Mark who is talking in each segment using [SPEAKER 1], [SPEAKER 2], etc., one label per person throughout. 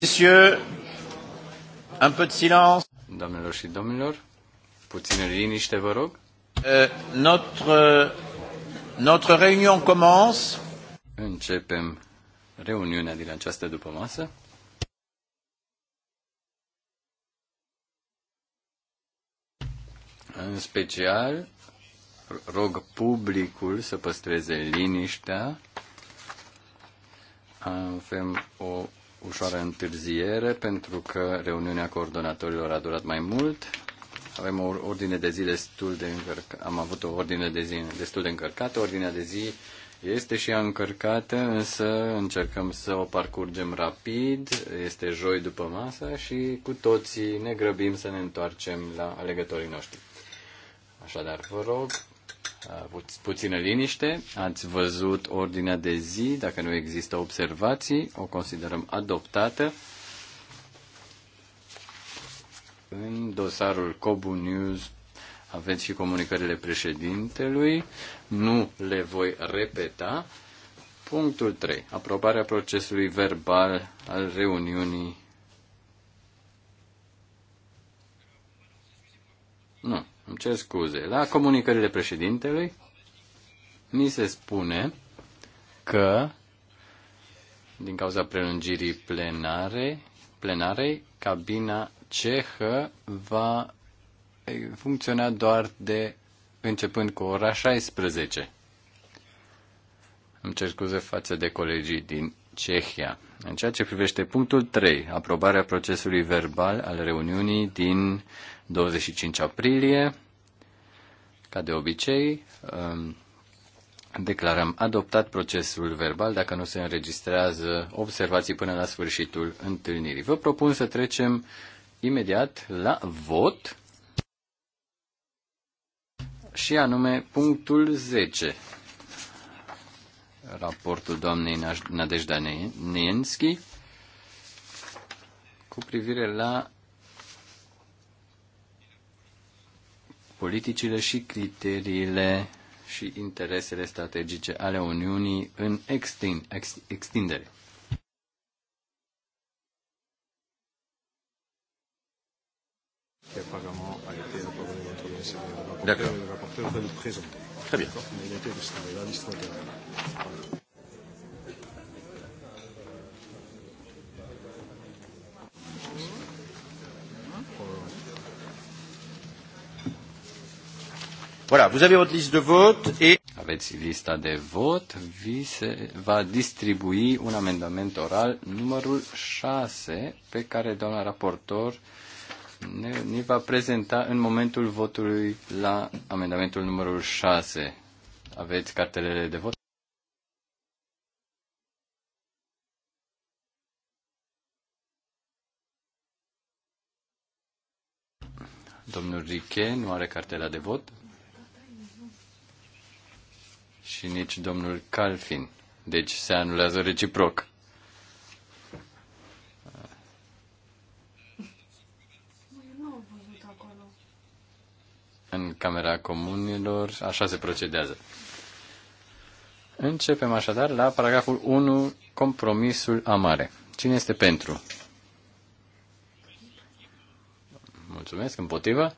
[SPEAKER 1] Monsieur, Doamnelor și domnilor, puțină liniște, vă rog. Euh, notre, notre réunion commence. Începem reuniunea din această după masă. În special, rog publicul să păstreze liniștea. Avem o ușoară întârziere pentru că reuniunea coordonatorilor a durat mai mult. Avem o ordine de zi destul de încărcată. Am avut o ordine de zi destul de încărcată. Ordinea de zi este și ea încărcată, însă încercăm să o parcurgem rapid. Este joi după masă și cu toții ne grăbim să ne întoarcem la alegătorii noștri. Așadar, vă rog puțină liniște. Ați văzut ordinea de zi. Dacă nu există observații, o considerăm adoptată. În dosarul Cobu News aveți și comunicările președintelui. Nu le voi repeta. Punctul 3. Aprobarea procesului verbal al reuniunii. Nu. Îmi cer scuze. La comunicările președintelui mi se spune că din cauza prelungirii plenare, plenarei, cabina cehă va funcționa doar de începând cu ora 16. Îmi cer scuze față de colegii din Cehia. În ceea ce privește punctul 3, aprobarea procesului verbal al reuniunii din 25 aprilie, ca de obicei, um, declarăm adoptat procesul verbal dacă nu se înregistrează observații până la sfârșitul întâlnirii. Vă propun să trecem imediat la vot și anume punctul 10 raportul doamnei Nadejda Nienski cu privire la politicile și criteriile și interesele strategice ale Uniunii în extind, ex, extindere. D'accord. Très bien. Voilà, vous avez votre liste de vote et... Aveți lista de vot, vi se va distribui un amendament oral numărul 6 pe care doamna raportor ne, ne va prezenta în momentul votului la amendamentul numărul 6. Aveți cartelele de vot? Domnul Riche nu are cartela de vot și nici domnul Calfin. Deci se anulează reciproc. în Camera Comunilor, așa se procedează. Începem așadar la paragraful 1, compromisul amare. Cine este pentru? Mulțumesc, împotrivă.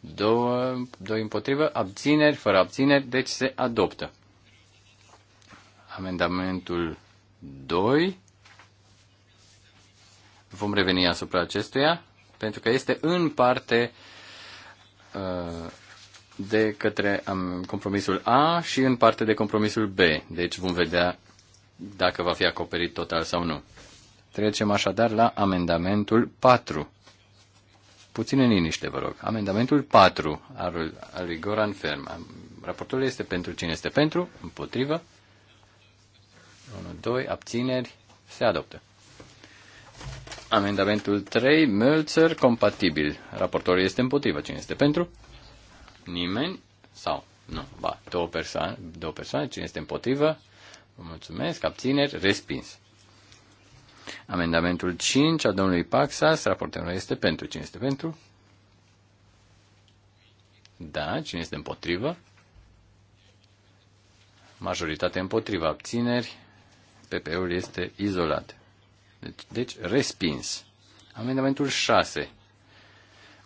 [SPEAKER 1] Două, doi împotrivă, abțineri, fără abțineri, deci se adoptă. Amendamentul 2. Vom reveni asupra acestuia, pentru că este în parte uh, Uh, de către compromisul A și în parte de compromisul B. Deci vom vedea dacă va fi acoperit total sau nu. Trecem așadar la amendamentul 4. Puțin în liniște, vă rog. Amendamentul 4 al, al lui Goran Ferm. Raportul este pentru cine este pentru, împotrivă. 1, 2, abțineri, se adoptă. Amendamentul 3, Mölzer, compatibil. Raportorul este împotrivă. Cine este pentru? Nimeni? Sau? Nu. Ba, două persoane. Două persoane. Cine este împotrivă? Vă mulțumesc. Abțineri? Respins. Amendamentul 5 al domnului Paxas, raportorul este pentru. Cine este pentru? Da. Cine este împotrivă? Majoritatea împotrivă. Abțineri? PP-ul este izolat. Deci, deci respins. Amendamentul 6.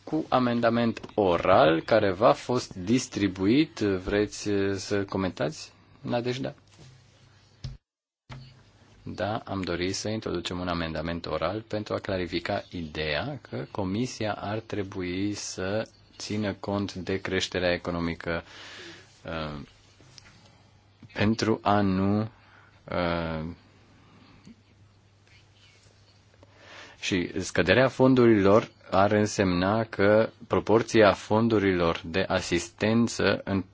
[SPEAKER 1] Cu amendament oral care va fost distribuit, vreți eh, să comentați, Nadejda? Deci da. da, am dorit să introducem un amendament oral pentru a clarifica ideea că Comisia ar trebui să țină cont de creșterea economică uh, pentru a nu uh, Și scăderea fondurilor ar însemna că proporția fondurilor de asistență în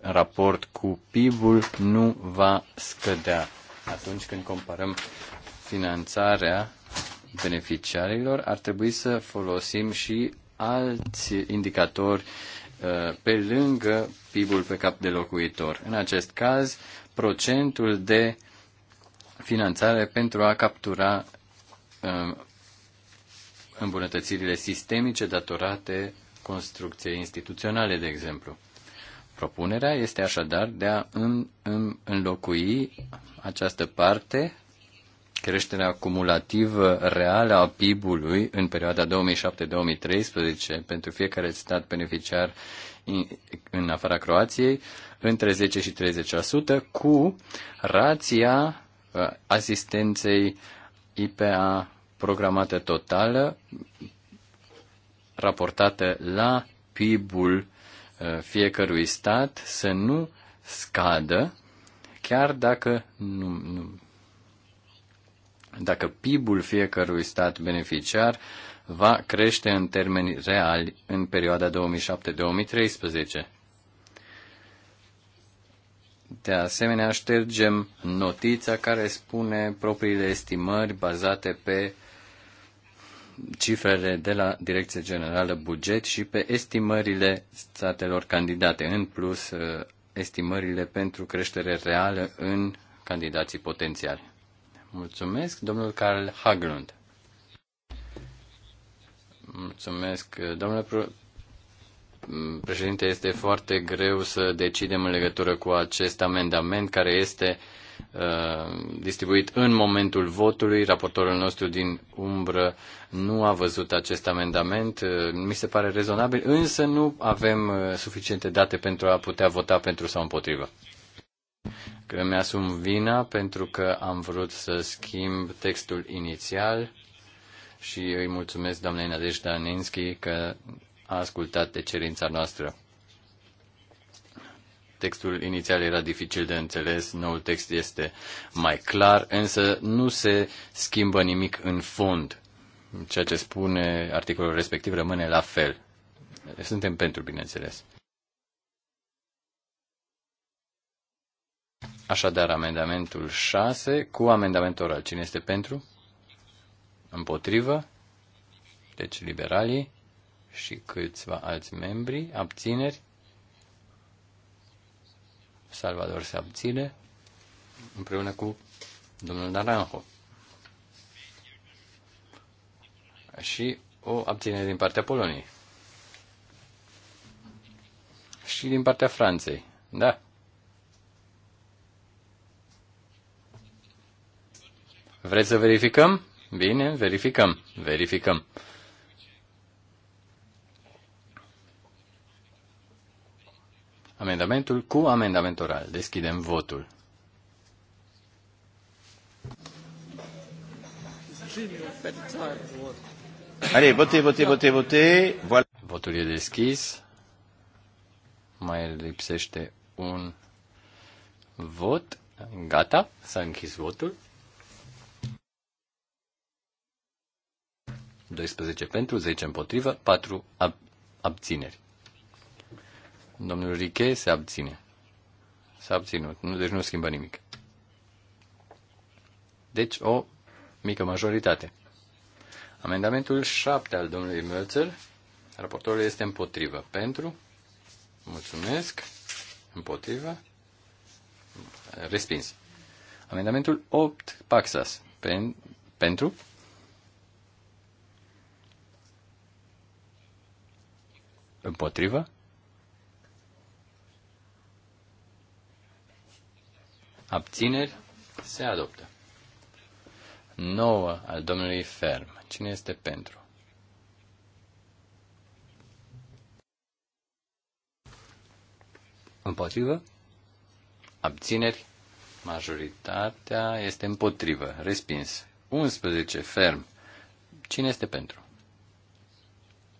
[SPEAKER 1] raport cu PIB-ul nu va scădea atunci când comparăm finanțarea beneficiarilor, ar trebui să folosim și alți indicatori uh, pe lângă PIB-ul pe cap de locuitor. În acest caz, procentul de finanțare pentru a captura uh, îmbunătățirile sistemice datorate construcției instituționale, de exemplu. Propunerea este așadar de a înlocui această parte, creșterea cumulativă reală a PIB-ului în perioada 2007-2013 pentru fiecare stat beneficiar în afara Croației, între 10 și 30%, cu rația uh, asistenței IPA programată totală raportată la PIB-ul uh, fiecărui stat să nu scadă, chiar dacă nu, nu, dacă PIB-ul fiecărui stat beneficiar va crește în termeni reali în perioada 2007-2013. De asemenea, ștergem notița care spune propriile estimări bazate pe cifrele de la Direcția Generală Buget și pe estimările statelor candidate, în plus uh, estimările pentru creștere reală în candidații potențiali. Mulțumesc, domnul Carl Haglund. Mulțumesc, uh, domnule mm, președinte, este foarte greu să decidem în legătură cu acest amendament care este uh, Uh, distribuit în momentul votului. Raportorul nostru din umbră nu a văzut acest amendament. Uh, mi se pare rezonabil, însă nu avem uh, suficiente date pentru a putea vota pentru sau împotrivă. Că mi-asum vina pentru că am vrut să schimb textul inițial și îi mulțumesc doamnei Nadejda Aninski că a ascultat de cerința noastră. Textul inițial era dificil de înțeles, noul text este mai clar, însă nu se schimbă nimic în fond. Ceea ce spune articolul respectiv rămâne la fel. Suntem pentru, bineînțeles. Așadar, amendamentul 6 cu amendamentul oral. Cine este pentru? Împotrivă? Deci liberalii și câțiva alți membri, abțineri, Salvador se abține, împreună cu domnul Naranjo. Și o abține din partea Poloniei. Și din partea Franței. Da. Vreți să verificăm? Bine, verificăm. Verificăm. Amendamentul cu amendament oral. Deschidem votul.
[SPEAKER 2] Allez, votez, votez, votez,
[SPEAKER 1] votez. Voilà. Votul e deschis. Mai lipsește un vot. Gata, s-a închis votul. 12 pentru, 10 împotrivă, 4 ab- abțineri. Domnul Riche se abține. S-a abținut. Nu, deci nu schimbă nimic. Deci o mică majoritate. Amendamentul 7 al domnului Mölzer. Raportorul este împotrivă. Pentru. Mulțumesc. Împotrivă. Respins. Amendamentul 8, Paxas. Pen, pentru. Împotrivă. Abțineri? Se adoptă. 9 al domnului Ferm. Cine este pentru? Împotrivă? Abțineri? Majoritatea este împotrivă. Respins. 11. Ferm. Cine este pentru?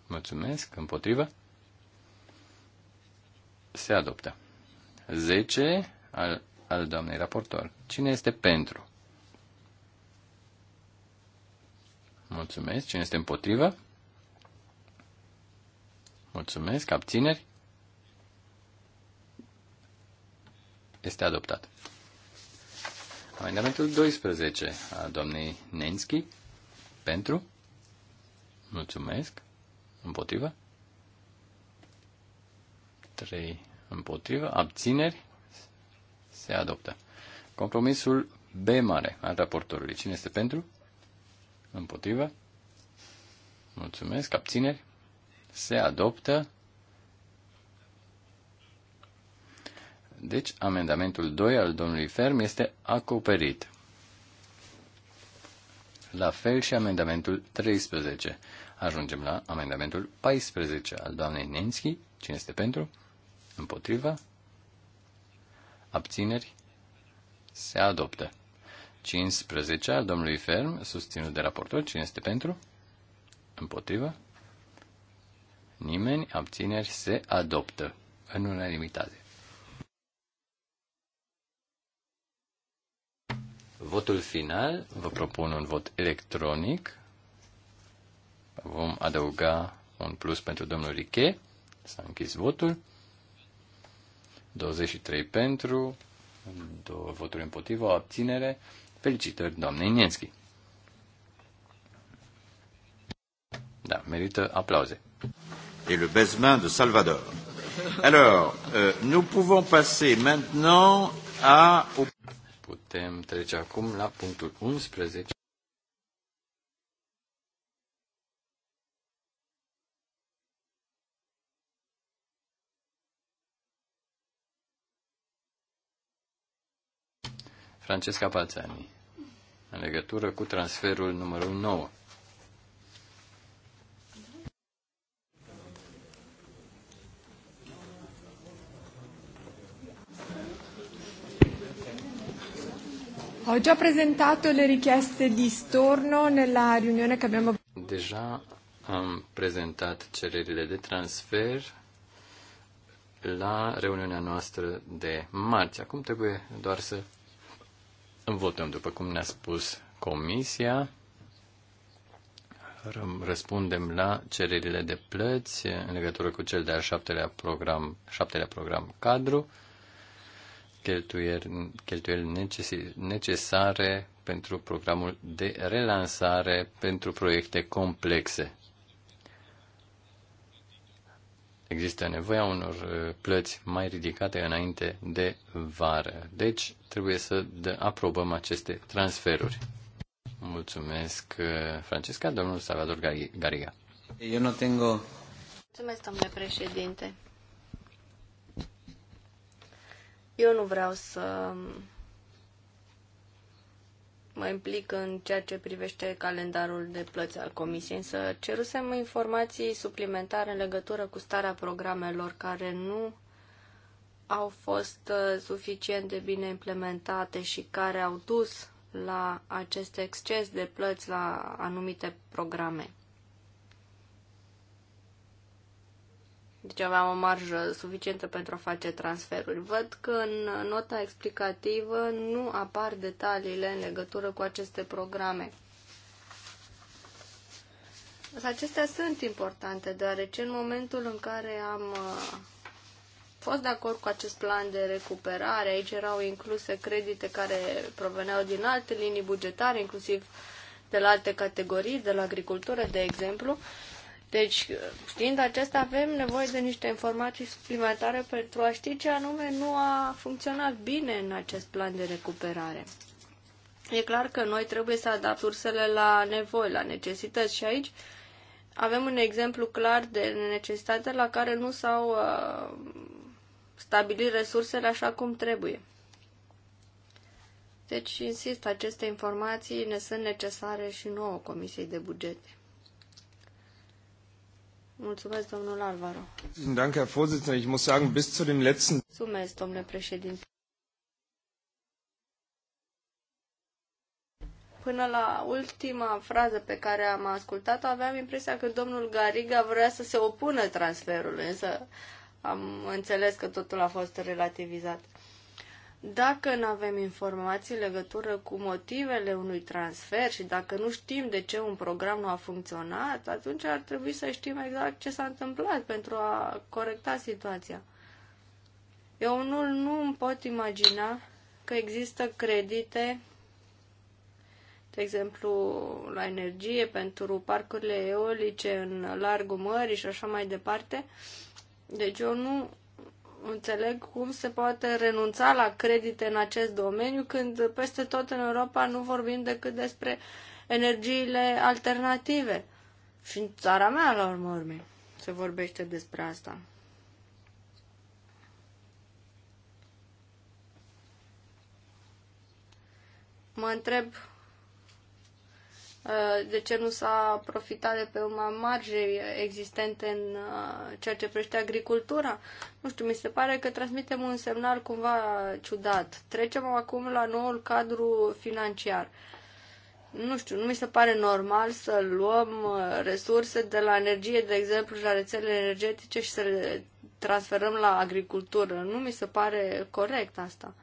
[SPEAKER 1] Mulțumesc. Împotrivă? Se adoptă. 10 al al doamnei raportor. Cine este pentru? Mulțumesc. Cine este împotrivă? Mulțumesc. Abțineri? Este adoptat. Amendamentul 12 a doamnei Nenski. Pentru? Mulțumesc. Împotrivă? 3 împotrivă. Abțineri? se adoptă. Compromisul B mare al raportorului. Cine este pentru? Împotrivă. Mulțumesc. Abțineri. Se adoptă. Deci, amendamentul 2 al domnului Ferm este acoperit. La fel și amendamentul 13. Ajungem la amendamentul 14 al doamnei Nenski. Cine este pentru? Împotriva? abțineri, se adoptă. 15 al domnului Ferm, susținut de raportor, cine este pentru? Împotrivă? Nimeni, abțineri, se adoptă în unanimitate. Votul final, vă propun un vot electronic. Vom adăuga un plus pentru domnul Riche. S-a închis votul. 23 pentru, două voturi împotrivă, o abținere. Felicitări, doamnei Nienski. Da, merită aplauze. Et le baisement de Salvador. Alors, euh, nous pouvons passer maintenant à... Putem trece acum la punctul 11. Francesca Balțani, în legătură cu transferul numărul 9.
[SPEAKER 3] Ho già presentato le richieste di storno nella riunione che abbiamo...
[SPEAKER 1] Deja am prezentat cererile de transfer la reuniunea noastră de marți. Acum trebuie doar să Votăm, după cum ne-a spus Comisia. Răspundem la cererile de plăți în legătură cu cel de-al șaptelea program, șaptelea program cadru, cheltuieli, cheltuieli necesare pentru programul de relansare pentru proiecte complexe există nevoia unor uh, plăți mai ridicate înainte de vară. Deci trebuie să aprobăm aceste transferuri. Mulțumesc, uh, Francesca. Domnul Salvador Gariga. Eu nu tengo...
[SPEAKER 3] Mulțumesc, domnule președinte. Eu nu vreau să mă implic în ceea ce privește calendarul de plăți al Comisiei, însă cerusem informații suplimentare în legătură cu starea programelor care nu au fost uh, suficient de bine implementate și care au dus la acest exces de plăți la anumite programe. Deci aveam o marjă suficientă pentru a face transferuri. Văd că în nota explicativă nu apar detaliile în legătură cu aceste programe. Acestea sunt importante, deoarece în momentul în care am uh, fost de acord cu acest plan de recuperare, aici erau incluse credite care proveneau din alte linii bugetare, inclusiv de la alte categorii, de la agricultură, de exemplu, deci, știind acesta, avem nevoie de niște informații suplimentare pentru a ști ce anume nu a funcționat bine în acest plan de recuperare. E clar că noi trebuie să adapt ursele la nevoi, la necesități și aici avem un exemplu clar de necesitate la care nu s-au uh, stabilit resursele așa cum trebuie. Deci, insist, aceste informații ne sunt necesare și nouă Comisiei de Bugete. Mulțumesc, domnul Alvaro.
[SPEAKER 2] Danke, Herr Vorsitzender. Ich muss sagen, bis zu dem letzten...
[SPEAKER 3] Mulțumesc, domnule președinte. Până la ultima frază pe care am ascultat-o, aveam impresia că domnul Gariga vrea să se opună transferului, însă am înțeles că totul a fost relativizat. Dacă nu avem informații în legătură cu motivele unui transfer și dacă nu știm de ce un program nu a funcționat, atunci ar trebui să știm exact ce s-a întâmplat pentru a corecta situația. Eu nu nu îmi pot imagina că există credite, de exemplu, la energie pentru parcurile eolice în largul mării și așa mai departe. Deci eu nu înțeleg cum se poate renunța la credite în acest domeniu când peste tot în Europa nu vorbim decât despre energiile alternative. Și în țara mea, la urmă urmei, se vorbește despre asta. Mă întreb Uh, de ce nu s-a profitat de pe urma marge existente în uh, ceea ce prește agricultura. Nu știu, mi se pare că transmitem un semnal cumva ciudat. Trecem acum la noul cadru financiar. Nu știu, nu mi se pare normal să luăm uh, resurse de la energie, de exemplu, la rețelele energetice și să le transferăm la agricultură. Nu mi se pare corect asta.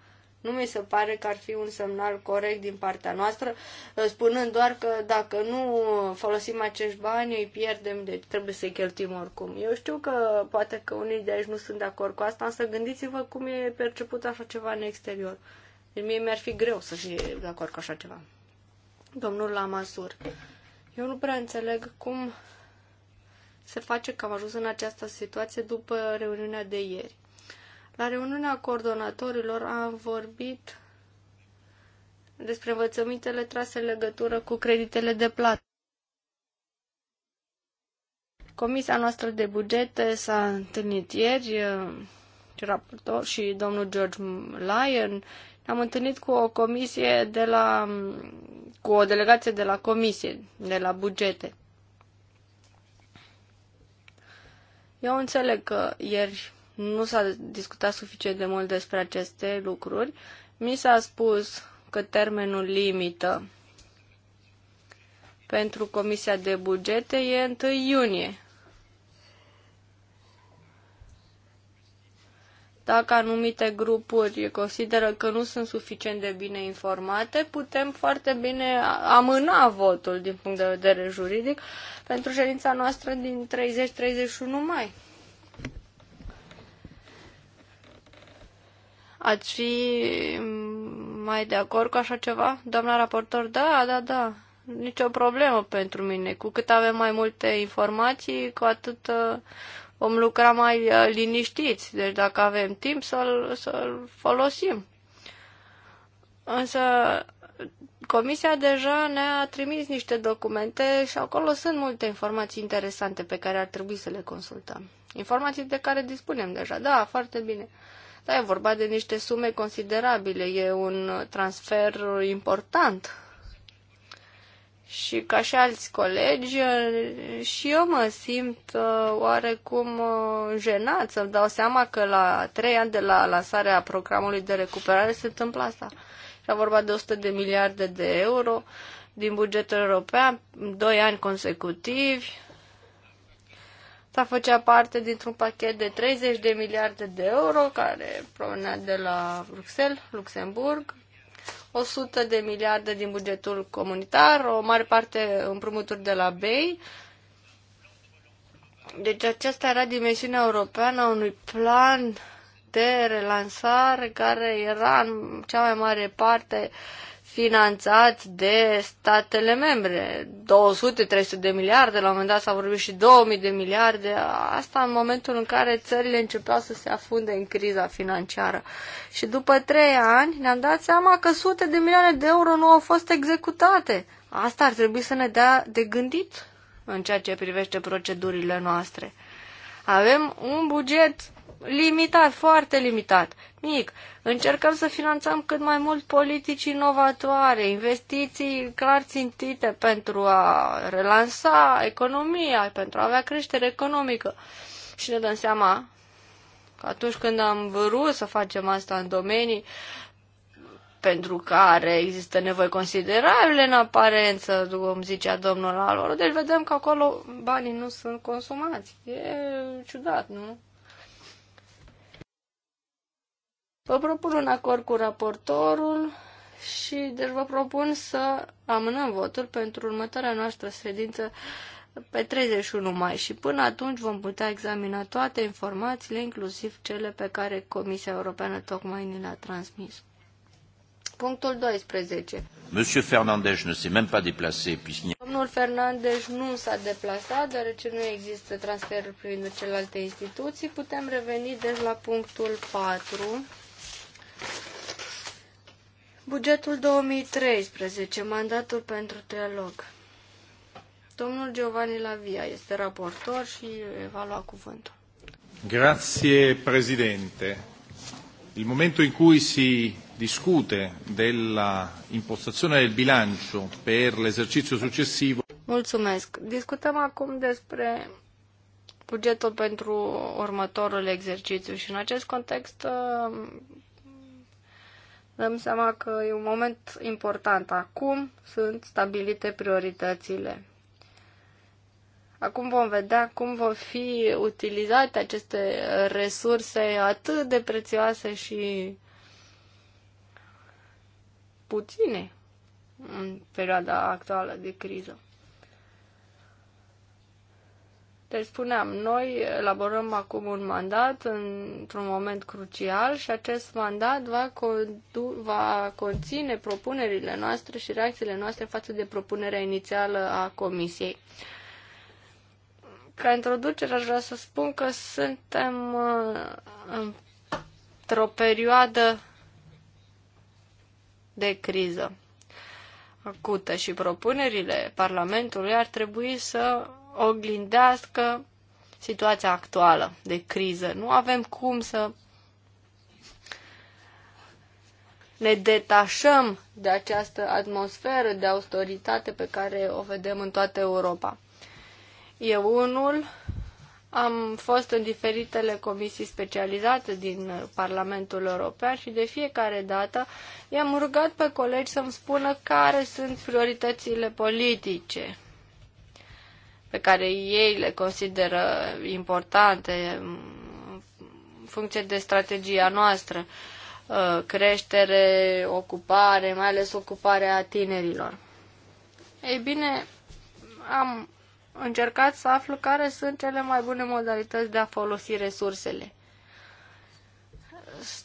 [SPEAKER 3] Nu mi se pare că ar fi un semnal corect din partea noastră, uh, spunând doar că dacă nu folosim acești bani, îi pierdem, deci trebuie să-i cheltim oricum. Eu știu că poate că unii de aici nu sunt de acord cu asta, însă gândiți-vă cum e perceput așa ceva în exterior. Deci mie mi-ar fi greu să fie de acord cu așa ceva. Domnul Lamasur, eu nu prea înțeleg cum se face că am ajuns în această situație după reuniunea de ieri. La reuniunea coordonatorilor am vorbit despre învățămintele trase în legătură cu creditele de plată. Comisia noastră de bugete s-a întâlnit ieri, uh, raportor și domnul George Lyon. Ne-am întâlnit cu o comisie de la, um, cu o delegație de la comisie, de la bugete. Eu înțeleg că ieri nu s-a discutat suficient de mult despre aceste lucruri. Mi s-a spus că termenul limită pentru Comisia de Bugete e 1 iunie. Dacă anumite grupuri consideră că nu sunt suficient de bine informate, putem foarte bine amâna votul din punct de vedere juridic pentru ședința noastră din 30-31 mai. Ați fi mai de acord cu așa ceva? Doamna raportor, da, da, da. Nicio problemă pentru mine. Cu cât avem mai multe informații, cu atât uh, vom lucra mai uh, liniștiți. Deci dacă avem timp să-l, să folosim. Însă comisia deja ne-a trimis niște documente și acolo sunt multe informații interesante pe care ar trebui să le consultăm. Informații de care dispunem deja. Da, foarte bine. Da, e vorba de niște sume considerabile, e un transfer important. Și ca și alți colegi, și eu mă simt uh, oarecum uh, jenat să-mi dau seama că la trei ani de la lansarea programului de recuperare se întâmplă asta. Era vorba de 100 de miliarde de euro din bugetul european, doi ani consecutivi, Asta făcea parte dintr-un pachet de 30 de miliarde de euro care provenea de la Bruxelles, Luxemburg, 100 de miliarde din bugetul comunitar, o mare parte împrumuturi de la BEI. Deci aceasta era dimensiunea europeană a unui plan de relansare care era în cea mai mare parte uh, finanțați de statele membre. 200-300 de miliarde, la un moment dat s-a vorbit și 2000 de miliarde, asta în momentul în care țările începeau să se afunde în criza financiară. Și după 3 ani ne-am dat seama că sute de milioane de euro nu au fost executate. Asta ar trebui să ne dea de gândit în ceea ce privește procedurile noastre. Avem un buget limitat, foarte limitat mic. Încercăm să finanțăm cât mai mult politici inovatoare, investiții clar țintite pentru a relansa economia, pentru a avea creștere economică. Și ne dăm seama că atunci când am vrut să facem asta în domenii pentru care există nevoi considerabile în aparență, cum zicea domnul Alor. deci vedem că acolo banii nu sunt consumați. E ciudat, nu? Vă propun un acord cu raportorul și deci vă propun să amânăm votul pentru următoarea noastră ședință pe 31 mai și până atunci vom putea examina toate informațiile, inclusiv cele pe care Comisia Europeană tocmai ni le-a transmis. Punctul 12.
[SPEAKER 1] Monsieur Fernandez ne s'est même pas déplacé puisqu'il
[SPEAKER 3] Domnul Fernandez nu s-a deplasat, deoarece nu există transferuri privind celelalte instituții. Putem reveni deci la punctul 4 Bugetul 2013, mandatul pentru trilog. Domnul Giovanni Lavia este raportor și va lua cuvântul.
[SPEAKER 1] Grazie,
[SPEAKER 3] Presidente. Il momento in cui si discute della
[SPEAKER 1] impostazione del bilancio per l'esercizio successivo.
[SPEAKER 3] Mulțumesc. Discutăm acum despre bugetul pentru următorul exercițiu și în acest context dăm seama că e un moment important. Acum sunt stabilite prioritățile. Acum vom vedea cum vor fi utilizate aceste resurse atât de prețioase și puține în perioada actuală de criză. Deci spuneam, noi elaborăm acum un mandat într-un moment crucial și acest mandat va, condu- va conține propunerile noastre și reacțiile noastre față de propunerea inițială a Comisiei. Ca introducere aș vrea să spun că suntem uh, într-o perioadă de criză acută și propunerile Parlamentului ar trebui să oglindească situația actuală de criză. Nu avem cum să ne detașăm de această atmosferă de autoritate pe care o vedem în toată Europa. Eu unul am fost în diferitele comisii specializate din Parlamentul European și de fiecare dată i-am rugat pe colegi să-mi spună care sunt prioritățile politice pe care ei le consideră importante în funcție de strategia noastră, uh, creștere, ocupare, mai ales ocuparea tinerilor. Ei bine, am încercat să aflu care sunt cele mai bune modalități de a folosi resursele.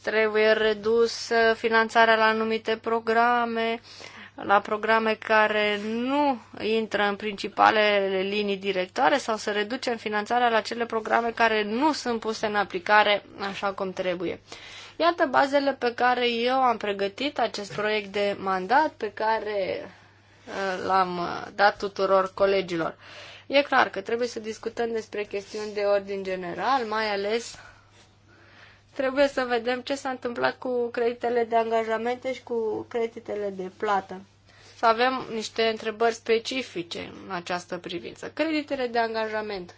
[SPEAKER 3] Trebuie redus finanțarea la anumite programe, la programe care nu intră în principalele linii directoare sau să reducem finanțarea la cele programe care nu sunt puse în aplicare așa cum trebuie. Iată bazele pe care eu am pregătit acest proiect de mandat pe care uh, l-am uh, dat tuturor colegilor. E clar că trebuie să discutăm despre chestiuni de ordin general, mai ales trebuie să vedem ce s-a întâmplat cu creditele de angajamente și cu creditele de plată. Să avem niște întrebări specifice în această privință. Creditele de angajament.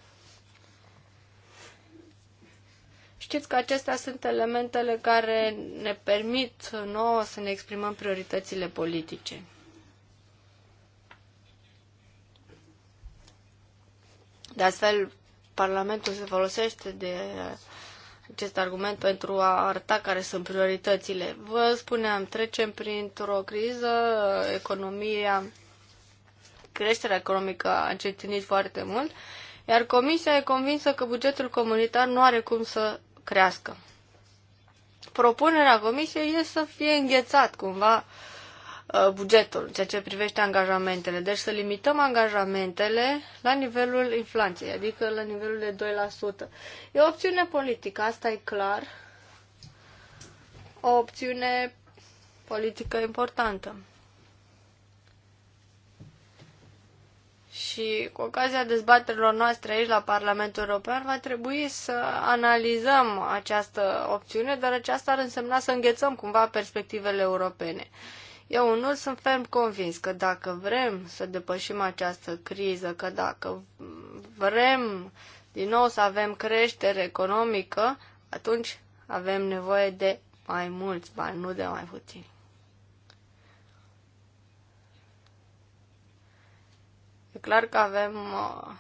[SPEAKER 3] Știți că acestea sunt elementele care ne permit nouă să ne exprimăm prioritățile politice. De astfel, Parlamentul se folosește de acest argument pentru a arăta care sunt prioritățile. Vă spuneam, trecem printr-o criză, economia, creșterea economică a încetinit foarte mult, iar Comisia e convinsă că bugetul comunitar nu are cum să crească. Propunerea Comisiei este să fie înghețat cumva uh, Uh, bugetul ceea ce privește angajamentele. Deci să limităm angajamentele la nivelul inflației, adică la nivelul de 2%. E o opțiune politică, asta e clar. O opțiune politică importantă. Și cu ocazia dezbaterilor noastre aici la Parlamentul European va trebui să analizăm această opțiune, dar aceasta ar însemna să înghețăm cumva perspectivele europene. Eu nu sunt ferm convins că dacă vrem să depășim această criză, că dacă vrem din nou să avem creștere economică, atunci avem nevoie de mai mulți bani, nu de mai puțini. E clar că avem uh,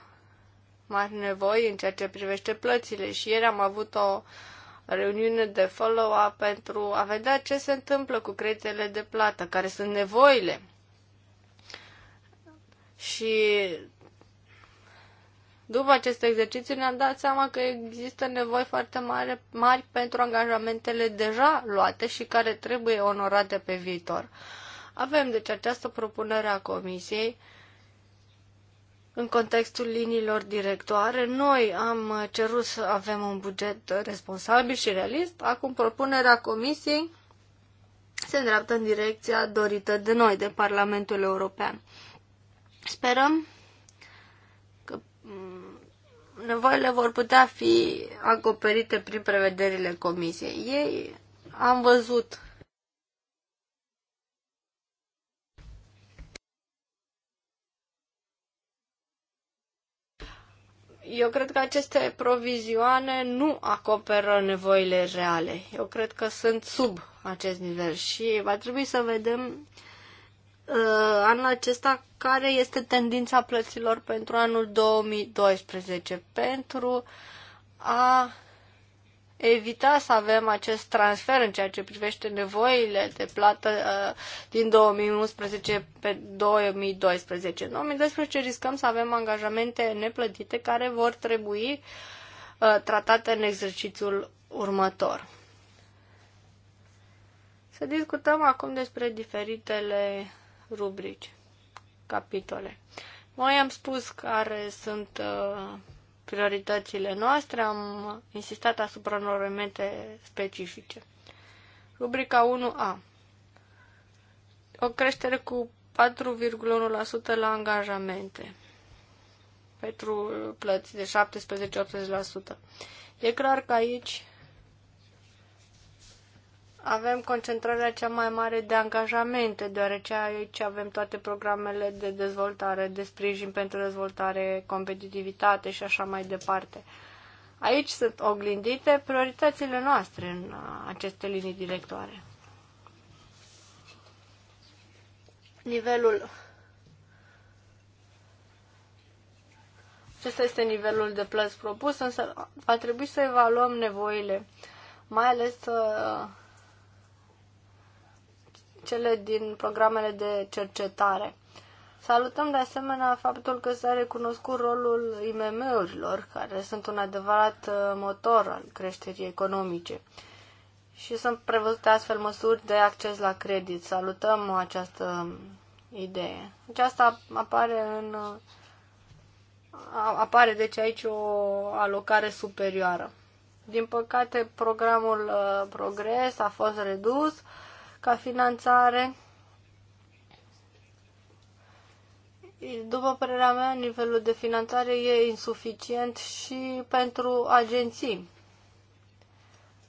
[SPEAKER 3] mari nevoi în ceea ce privește plățile și ieri am avut o reuniune de follow-up pentru a vedea ce se întâmplă cu creditele de plată, care sunt nevoile. Și după acest exercițiu ne-am dat seama că există nevoi foarte mare mari pentru angajamentele deja luate și care trebuie onorate pe viitor. Avem deci această propunere a Comisiei în contextul liniilor directoare. Noi am cerut să avem un buget responsabil și realist. Acum propunerea Comisiei se îndreaptă în direcția dorită de noi, de Parlamentul European. Sperăm că mm, nevoile vor putea fi acoperite prin prevederile Comisiei. Ei am văzut eu cred că aceste provizioane nu acoperă nevoile reale. Eu cred că sunt sub acest nivel și va trebui să vedem uh, anul acesta care este tendința plăților pentru anul 2012 pentru a evita să avem acest transfer în ceea ce privește nevoile de plată uh, din 2011 pe 2012. În 2012 riscăm să avem angajamente neplătite care vor trebui uh, tratate în exercițiul următor. Să discutăm acum despre diferitele rubrici, capitole. Noi am spus care sunt uh, prioritățile noastre, am insistat asupra unor elemente specifice. Rubrica 1A. O creștere cu 4,1% la angajamente pentru plăți de 17-18%. E clar că aici avem concentrarea cea mai mare de angajamente, deoarece aici avem toate programele de dezvoltare, de sprijin pentru dezvoltare, competitivitate și așa mai departe. Aici sunt oglindite prioritățile noastre în aceste linii directoare. Nivelul Acesta este nivelul de plăți propus, însă va trebui să evaluăm nevoile, mai ales uh, cele din programele de cercetare. Salutăm de asemenea faptul că s-a recunoscut rolul IMM-urilor, care sunt un adevărat uh, motor al creșterii economice. Și sunt prevăzute astfel măsuri de acces la credit. Salutăm această um, idee. Aceasta apare în uh, apare deci aici o alocare superioară. Din păcate, programul uh, Progres a fost redus ca finanțare. După părerea mea, nivelul de finanțare e insuficient și pentru agenții.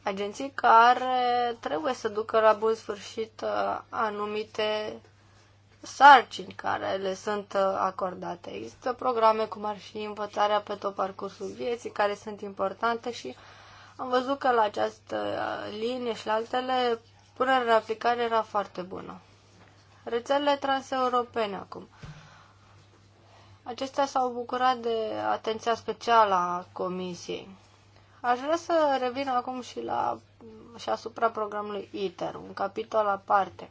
[SPEAKER 3] Agenții care trebuie să ducă la bun sfârșit uh, anumite sarcini care le sunt uh, acordate. Există programe cum ar fi învățarea pe tot parcursul vieții, care sunt importante și am văzut că la această uh, linie și la altele punerea în aplicare era foarte bună. Rețelele transeuropene acum. Acestea s-au bucurat de atenția specială a Comisiei. Aș vrea să revin acum și, la, și asupra programului ITER, un capitol aparte.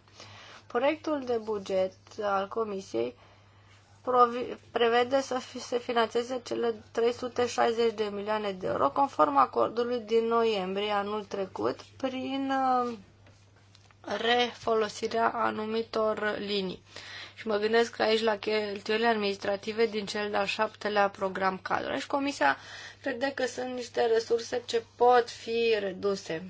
[SPEAKER 3] Proiectul de buget al Comisiei prevede să fi, se financeze cele 360 de milioane de euro conform acordului din noiembrie anul trecut prin uh, refolosirea anumitor linii. Și mă gândesc aici la cheltuielile administrative din cel de-al șaptelea program cadru. Și Comisia crede că sunt niște resurse ce pot fi reduse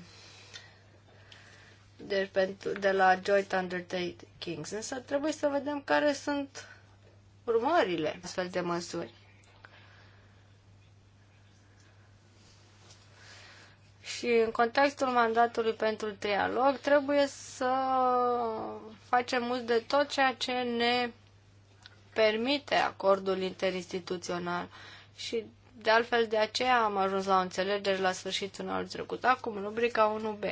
[SPEAKER 3] deci pentru, de la Joint Undertakings. Însă trebuie să vedem care sunt urmările astfel de măsuri. Și în contextul mandatului pentru trialog trebuie să facem mult de tot ceea ce ne permite acordul interinstituțional. Și de altfel de aceea am ajuns la o înțelegere la sfârșitul anului trecut, acum în rubrica 1b.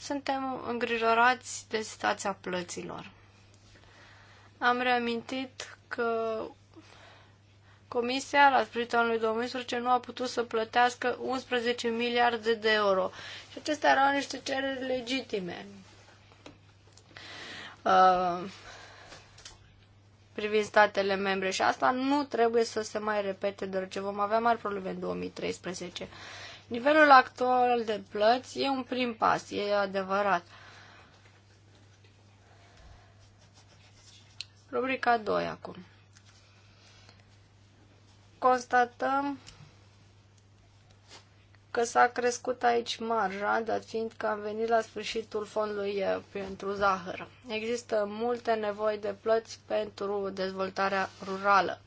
[SPEAKER 3] Suntem îngrijorați de situația plăților. Am reamintit că Comisia, la sfârșitul anului 2011, nu a putut să plătească 11 miliarde de euro. Și acestea erau niște cereri legitime. Uh, privind statele membre și asta nu trebuie să se mai repete, deoarece vom avea mari probleme în 2013. Nivelul actual de plăți e un prim pas, e adevărat. Rubrica 2 acum constatăm că s-a crescut aici marja, dat fiind că am venit la sfârșitul fondului pentru zahăr. Există multe nevoi de plăți pentru dezvoltarea rurală.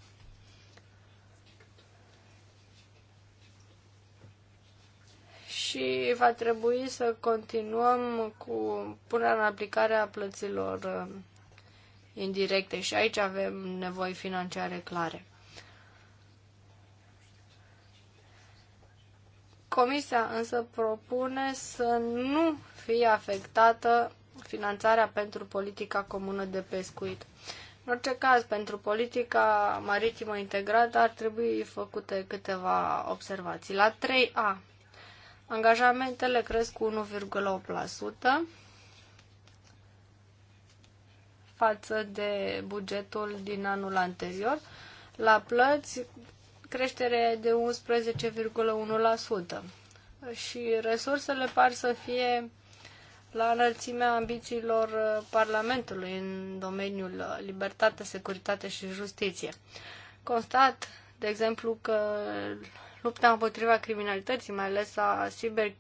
[SPEAKER 3] Și va trebui să continuăm cu punerea în aplicare a plăților uh, indirecte și aici avem nevoi financiare clare. Comisia însă propune să nu fie afectată finanțarea pentru politica comună de pescuit. În orice caz, pentru politica maritimă integrată ar trebui făcute câteva observații. La 3A, angajamentele cresc cu 1,8% față de bugetul din anul anterior. La plăți creștere de 11,1%. Și resursele par să fie la înălțimea ambițiilor uh, Parlamentului în domeniul uh, libertate, securitate și justiție. Constat, de exemplu, că lupta împotriva criminalității, mai ales a cyber,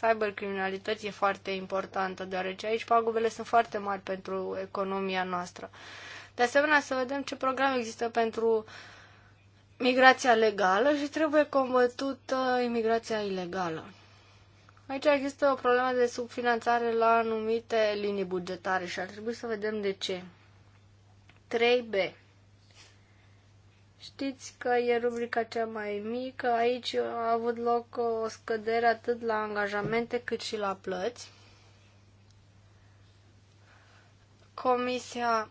[SPEAKER 3] cybercriminalității, e foarte importantă, deoarece aici pagubele sunt foarte mari pentru economia noastră. De asemenea, să vedem ce program există pentru uh, migrația legală și trebuie combătută imigrația ilegală. Aici există o problemă de subfinanțare la anumite linii bugetare și ar trebui să vedem de ce. 3B. Știți că e rubrica cea mai mică. Aici a avut loc o scădere atât la angajamente cât și la plăți. Comisia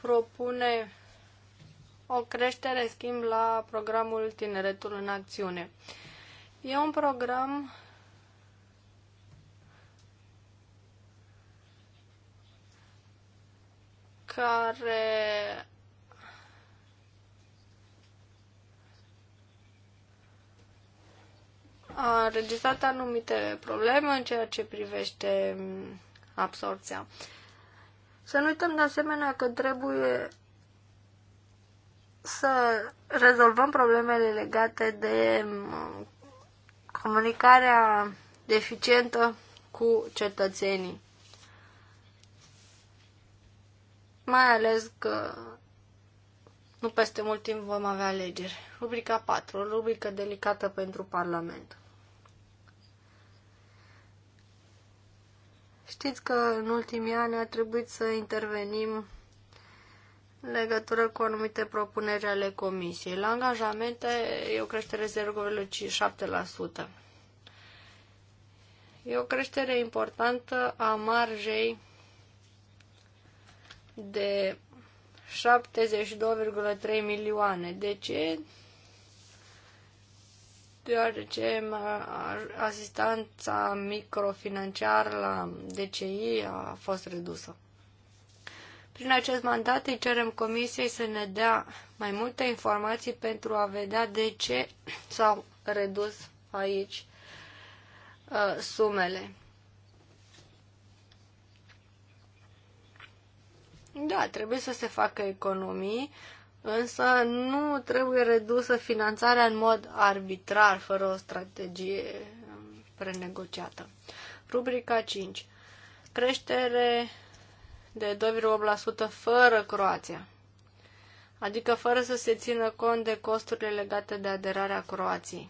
[SPEAKER 3] propune o creștere, schimb, la programul Tineretul în Acțiune. E un program care a înregistrat anumite probleme în ceea ce privește absorpția. Să nu uităm de asemenea că trebuie să rezolvăm problemele legate de mm, comunicarea deficientă cu cetățenii. Mai ales că nu peste mult timp vom avea alegeri. Rubrica 4, rubrica delicată pentru Parlament. Știți că în ultimii ani a trebuit să intervenim în legătură cu anumite propuneri ale comisiei. La angajamente e o creștere 0,7%. E o creștere importantă a marjei de 72,3 milioane. De ce? Deoarece asistanța microfinanciară la DCI a fost redusă. Prin acest mandat îi cerem Comisiei să ne dea mai multe informații pentru a vedea de ce s-au redus aici uh, sumele. Da, trebuie să se facă economii, însă nu trebuie redusă finanțarea în mod arbitrar, fără o strategie um, prenegociată. Rubrica 5. Creștere de 2,8% fără Croația, adică fără să se țină cont de costurile legate de aderarea Croației.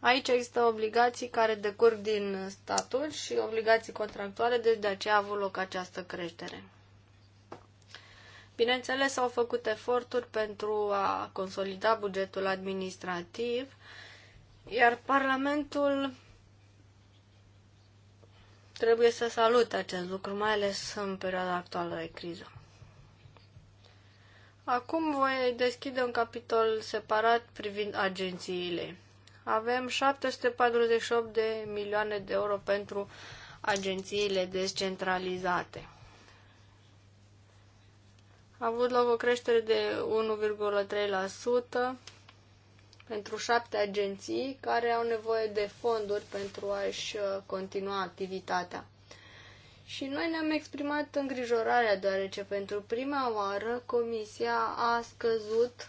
[SPEAKER 3] Aici există obligații care decurg din statul și obligații contractuale, deci de aceea a avut loc această creștere. Bineînțeles, au făcut eforturi pentru a consolida bugetul administrativ, iar Parlamentul Trebuie să salut acest lucru, mai ales în perioada actuală de criză. Acum voi deschide un capitol separat privind agențiile. Avem 748 de milioane de euro pentru agențiile descentralizate. A avut loc o creștere de 1,3%, pentru șapte agenții care au nevoie de fonduri pentru a-și uh, continua activitatea. Și noi ne-am exprimat îngrijorarea, deoarece pentru prima oară Comisia a scăzut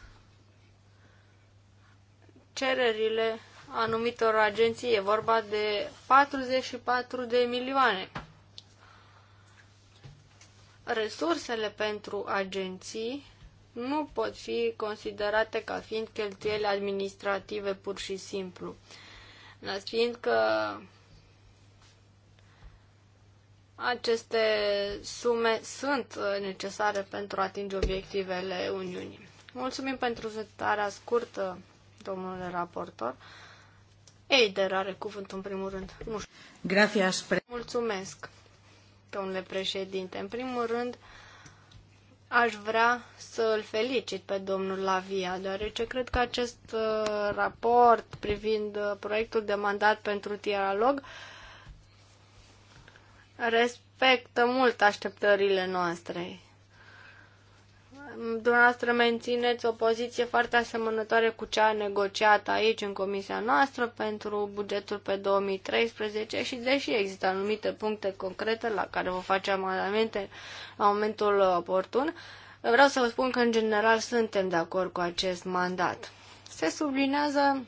[SPEAKER 3] cererile anumitor agenții. E vorba de 44 de milioane. Resursele pentru agenții nu pot fi considerate ca fiind cheltuieli administrative pur și simplu. Las fiind că aceste sume sunt necesare pentru a atinge obiectivele Uniunii. Mulțumim pentru prezentarea scurtă, domnule raportor. Eider are cuvântul în primul rând. Nu știu. Gracias. Mulțumesc, domnule președinte. În primul rând, Aș vrea să îl felicit pe domnul Lavia, deoarece cred că acest uh, raport privind uh, proiectul de mandat pentru dialog respectă mult așteptările noastre dumneavoastră mențineți o poziție foarte asemănătoare cu cea negociată aici în comisia noastră pentru bugetul pe 2013 și deși există anumite puncte concrete la care vă facem amendamente la momentul oportun, vreau să vă spun că în general suntem de acord cu acest mandat. Se sublinează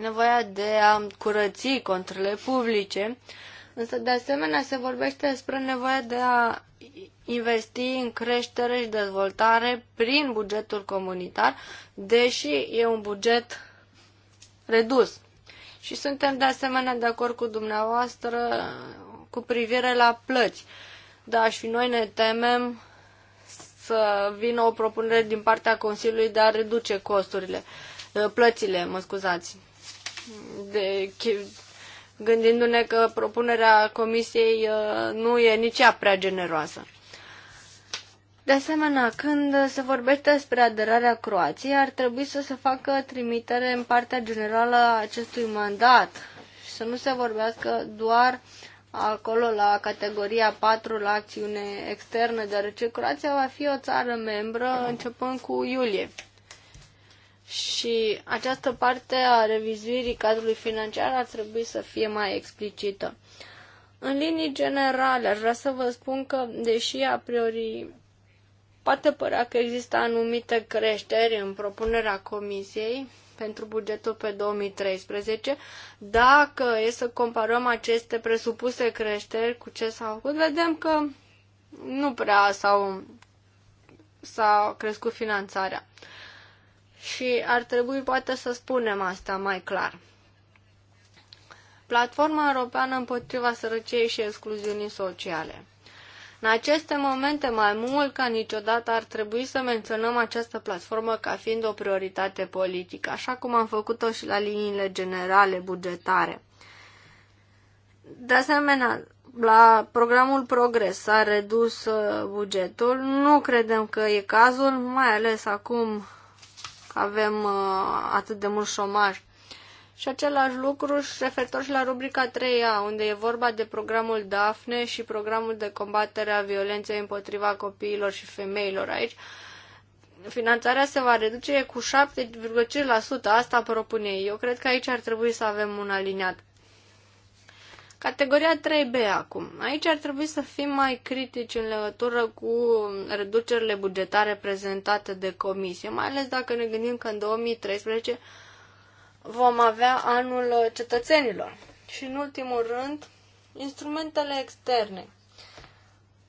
[SPEAKER 3] nevoia de a curăți contrele publice, însă de asemenea se vorbește despre nevoia de a investi în creștere și dezvoltare prin bugetul comunitar, deși e un buget redus. Și suntem de asemenea de acord cu dumneavoastră cu privire la plăți. Da, și noi ne temem să vină o propunere din partea Consiliului de a reduce costurile, plățile, mă scuzați. De, gândindu-ne că propunerea Comisiei uh, nu e nici ea prea generoasă. De asemenea, când se vorbește despre aderarea Croației, ar trebui să se facă trimitere în partea generală a acestui mandat și să nu se vorbească doar acolo la categoria 4 la acțiune externă, deoarece Croația va fi o țară membră începând cu iulie. Și această parte a revizuirii cadrului financiar ar trebui să fie mai explicită. În linii generale, aș vrea să vă spun că, deși a priori Poate părea că există anumite creșteri în propunerea comisiei pentru bugetul pe 2013. Dacă e să comparăm aceste presupuse creșteri cu ce s-au făcut, vedem că nu prea s-au, s-a crescut finanțarea. Și ar trebui poate să spunem asta mai clar. Platforma Europeană împotriva sărăciei și excluziunii sociale – în aceste momente, mai mult ca niciodată, ar trebui să menționăm această platformă ca fiind o prioritate politică, așa cum am făcut-o și la liniile generale bugetare. De asemenea, la programul Progres s-a redus uh, bugetul. Nu credem că e cazul, mai ales acum că avem uh, atât de mult șomaj și același lucru și referitor și la rubrica 3A, unde e vorba de programul DAFNE și programul de combatere a violenței împotriva copiilor și femeilor aici. Finanțarea se va reduce cu 7,5%, asta propune eu. Cred că aici ar trebui să avem un aliniat. Categoria 3B acum. Aici ar trebui să fim mai critici în legătură cu reducerile bugetare prezentate de comisie, mai ales dacă ne gândim că în 2013 vom avea anul uh, cetățenilor. Și în ultimul rând, instrumentele externe.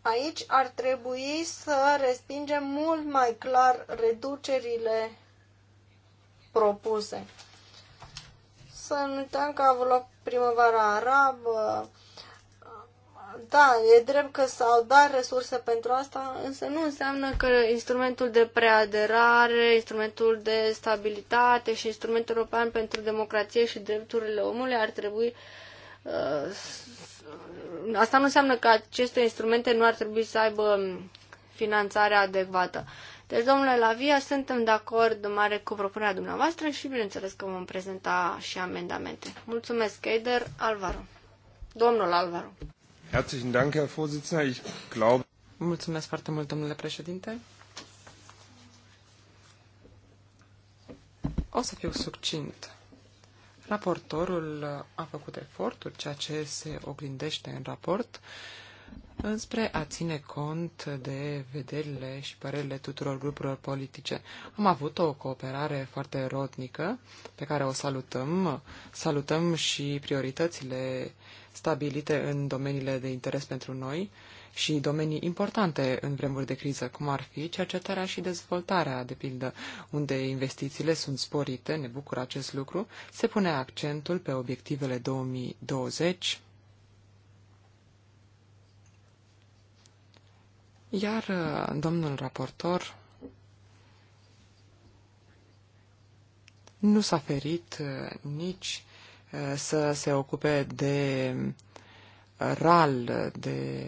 [SPEAKER 3] Aici ar trebui să respingem mult mai clar reducerile propuse. Să nu uităm că a avut loc primăvara arabă, da, e drept că s-au dat resurse pentru asta, însă nu înseamnă că instrumentul de preaderare, instrumentul de stabilitate și instrumentul european pentru democrație și drepturile omului ar trebui. Uh, asta nu înseamnă că aceste instrumente nu ar trebui să aibă finanțare adecvată. Deci, domnule Lavia, suntem de acord mare cu propunerea dumneavoastră și bineînțeles că vom prezenta și amendamente. Mulțumesc, Eider Alvaro. Domnul Alvaro.
[SPEAKER 2] Herzlichen Dank, Herr Vorsitzender. Ich glaube... Mulțumesc foarte mult, domnule președinte. O să fiu succint. Raportorul a făcut eforturi, ceea ce se oglindește în raport, înspre a ține cont de vederile și părerile tuturor grupurilor politice. Am avut o cooperare foarte rodnică, pe care o salutăm. Salutăm și prioritățile uh, stabilite în domeniile de interes pentru noi și domenii importante în vremuri de criză, cum ar fi cercetarea și dezvoltarea, de pildă, unde investițiile sunt sporite, ne bucură acest lucru, se pune accentul pe obiectivele 2020, Iar domnul raportor nu s-a ferit eh, nici să se ocupe de uh, RAL, de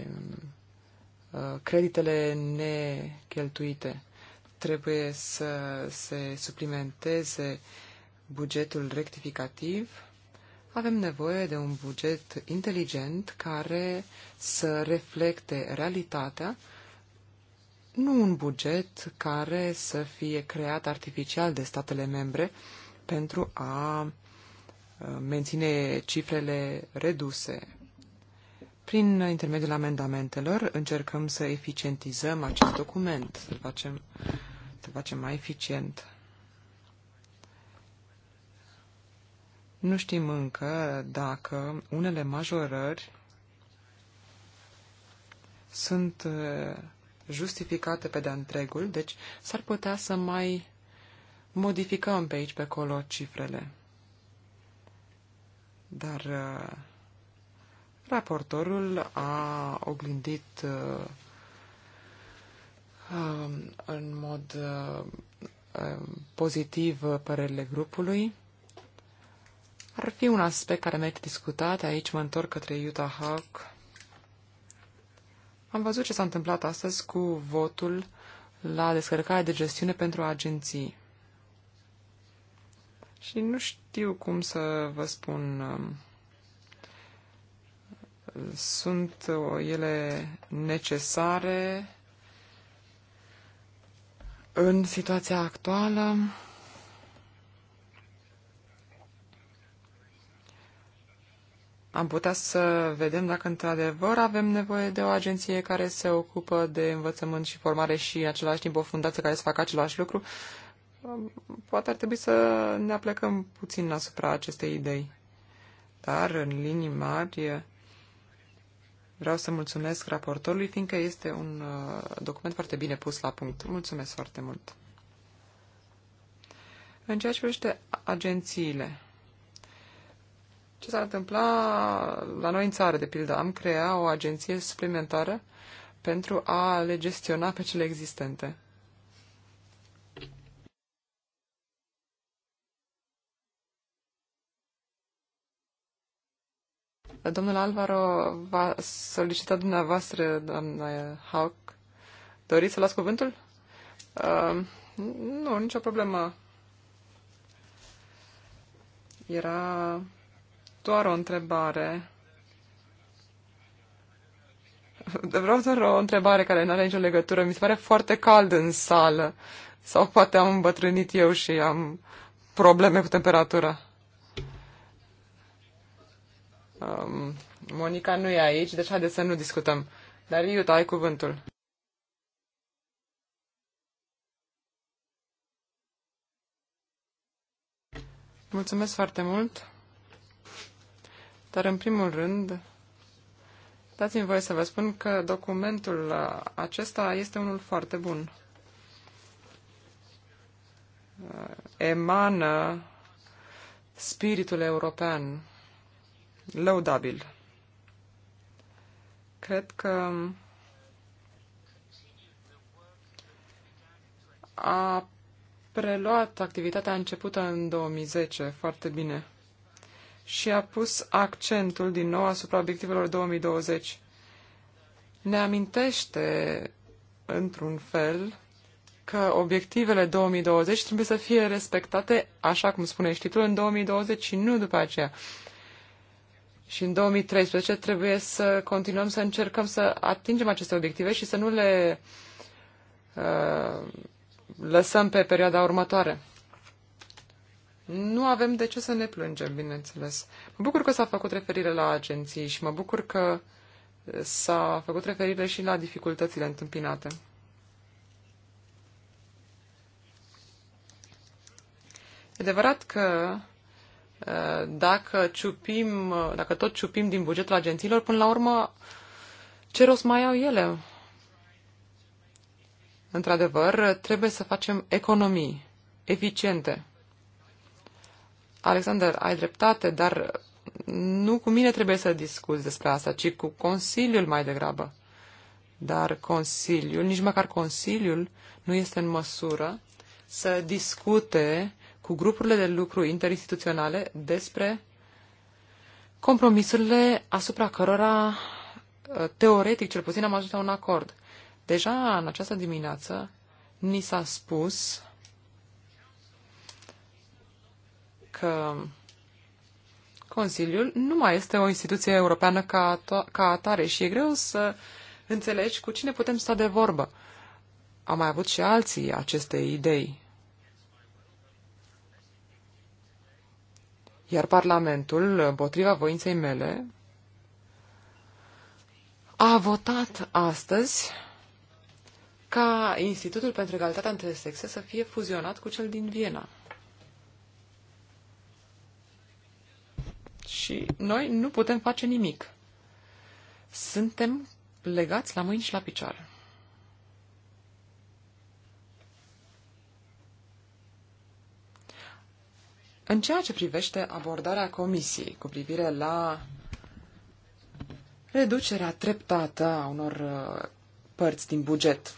[SPEAKER 2] uh, creditele necheltuite. Trebuie să se suplimenteze bugetul rectificativ. Avem nevoie de un buget inteligent care să reflecte realitatea, nu un buget care să fie creat artificial de statele membre pentru a menține cifrele reduse. Prin intermediul amendamentelor încercăm să eficientizăm acest document, să-l facem, să facem mai eficient. Nu știm încă dacă unele majorări sunt uh, justificate pe de-a întregul, deci s-ar putea să mai modificăm pe aici, pe acolo cifrele. Dar uh, raportorul a oglindit uh, um, în mod uh, um, pozitiv părerile grupului. Ar fi un aspect care merită discutat. Aici mă întorc către Utah Hawk. Am văzut ce s-a întâmplat astăzi cu votul la descărcarea de gestiune pentru agenții. Și nu știu știu cum să vă spun. Um, sunt uh, ele necesare în situația actuală. Am putea să vedem dacă într-adevăr avem nevoie de o agenție care se ocupă de învățământ și formare și în același timp o fundație care să facă același lucru. Uh, poate ar trebui să ne aplecăm puțin asupra acestei idei. Dar, în linii mari, vreau să mulțumesc raportorului, fiindcă este un uh, document foarte bine pus la punct. Mulțumesc foarte mult! În ceea ce privește agențiile, ce s-ar întâmpla la noi în țară, de pildă? Am creat o agenție suplimentară pentru a le gestiona pe cele existente. Domnul Alvaro va solicita dumneavoastră, doamna Hawk. Doriți să las cuvântul? Uh, nu, nicio problemă. Era doar o întrebare. Vreau doar o întrebare care nu are nicio legătură. Mi se pare foarte cald în sală. Sau poate am îmbătrânit eu și am probleme cu temperatura. Um, Monica nu e aici, deci haideți să nu discutăm. Dar Iuta, ai cuvântul. Mulțumesc foarte mult. Dar în primul rând, dați-mi voie să vă spun că documentul acesta este unul foarte bun. Uh, emană spiritul european lăudabil. Cred că a preluat activitatea începută în 2010 foarte bine și a pus accentul din nou asupra obiectivelor 2020. Ne amintește, într-un fel, că obiectivele 2020 trebuie să fie respectate, așa cum spune și titlul, în 2020 și nu după aceea și în 2013 trebuie să continuăm să încercăm să atingem aceste obiective și să nu le uh, lăsăm pe perioada următoare. Nu avem de ce să ne plângem, bineînțeles. Mă bucur că s-a făcut referire la agenții și mă bucur că s-a făcut referire și la dificultățile întâmpinate. E adevărat că dacă ciupim, dacă tot ciupim din bugetul agențiilor, până la urmă, ce rost mai au ele? Într-adevăr, trebuie să facem economii eficiente. Alexander, ai dreptate, dar nu cu mine trebuie să discuți despre asta, ci cu Consiliul mai degrabă. Dar Consiliul, nici măcar Consiliul, nu este în măsură să discute cu grupurile de lucru interinstituționale despre compromisurile asupra cărora, ă, teoretic cel puțin, am ajuns la un acord. Deja în această dimineață ni s-a spus că Consiliul nu mai este o instituție europeană ca, ca atare și e greu să înțelegi cu cine putem sta de vorbă. Am mai avut și alții aceste idei. Iar Parlamentul, împotriva voinței mele, a votat astăzi ca Institutul pentru Egalitatea între Sexe să fie fuzionat cu cel din Viena. Și noi nu putem face nimic. Suntem legați la mâini și la picioare. În ceea ce privește abordarea Comisiei cu privire la reducerea treptată a unor uh, părți din buget,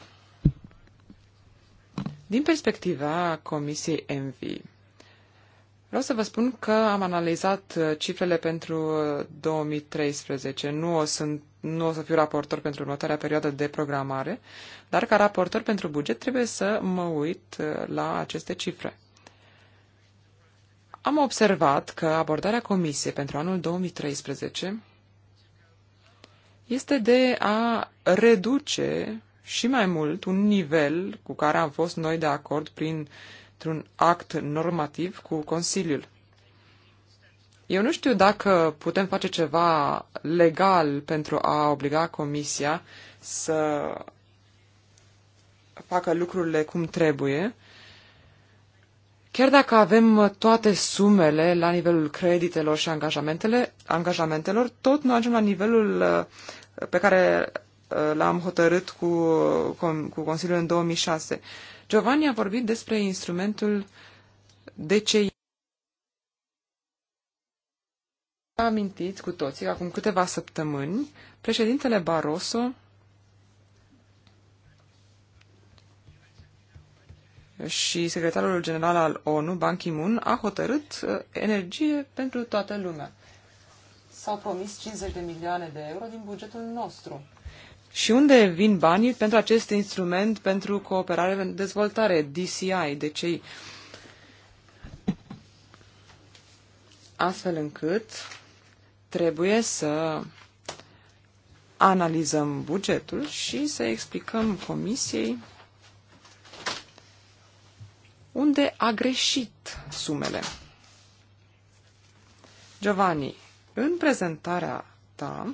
[SPEAKER 2] din perspectiva Comisiei ENVI, vreau să vă spun că am analizat uh, cifrele pentru 2013. Uh, nu o, sunt, nu o să fiu raportor pentru următoarea perioadă de programare, dar ca raportor pentru buget trebuie să mă uit la aceste cifre. Am observat că abordarea Comisiei pentru anul 2013 este de a reduce și mai mult un nivel cu care am fost noi de acord printr-un act normativ cu Consiliul. Eu nu știu dacă putem face ceva legal pentru a obliga Comisia să facă lucrurile cum trebuie, Chiar dacă avem uh, toate sumele la nivelul creditelor și angajamentele, angajamentelor, tot nu ajungem la nivelul uh, pe care uh, l-am hotărât cu, cu Consiliul în 2006. Giovanni a vorbit despre instrumentul DCI. amintit cu toții, acum câteva săptămâni, președintele Barroso și secretarul general al ONU, Ban Ki-moon, a hotărât uh, energie pentru toată lumea. S-au promis 50 de milioane de euro din bugetul nostru. Și unde vin banii pentru acest instrument pentru cooperare în dezvoltare, DCI, de cei astfel încât trebuie să analizăm bugetul și să explicăm comisiei unde a greșit sumele. Giovanni, în prezentarea ta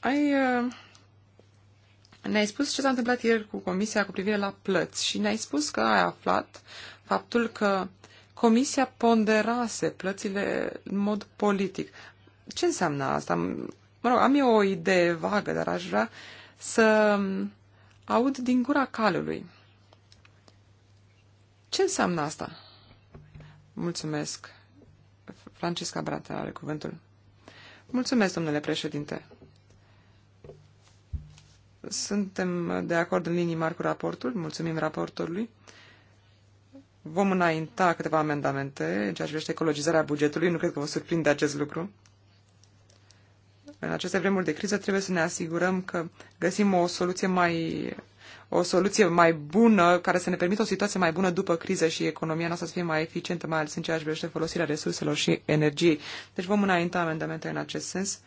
[SPEAKER 2] ai, ne-ai spus ce s-a întâmplat ieri cu Comisia cu privire la plăți și ne-ai spus că ai aflat faptul că Comisia ponderase plățile în mod politic. Ce înseamnă asta? Mă rog, am eu o idee vagă, dar aș vrea să aud din gura calului. Ce înseamnă asta? Mulțumesc. Francisca Brata are cuvântul. Mulțumesc, domnule președinte. Suntem de acord în linii mari cu raportul, mulțumim raportorului. Vom înainta câteva amendamente în ceea ce privește ecologizarea bugetului, nu cred că vă surprinde acest lucru. În aceste vremuri de criză trebuie să ne asigurăm că găsim o soluție mai o soluție mai bună, care să ne permită o situație mai bună după criză și economia noastră să fie mai eficientă, mai ales în ceea ce privește folosirea resurselor și energiei. Deci vom înainta amendamente în acest sens,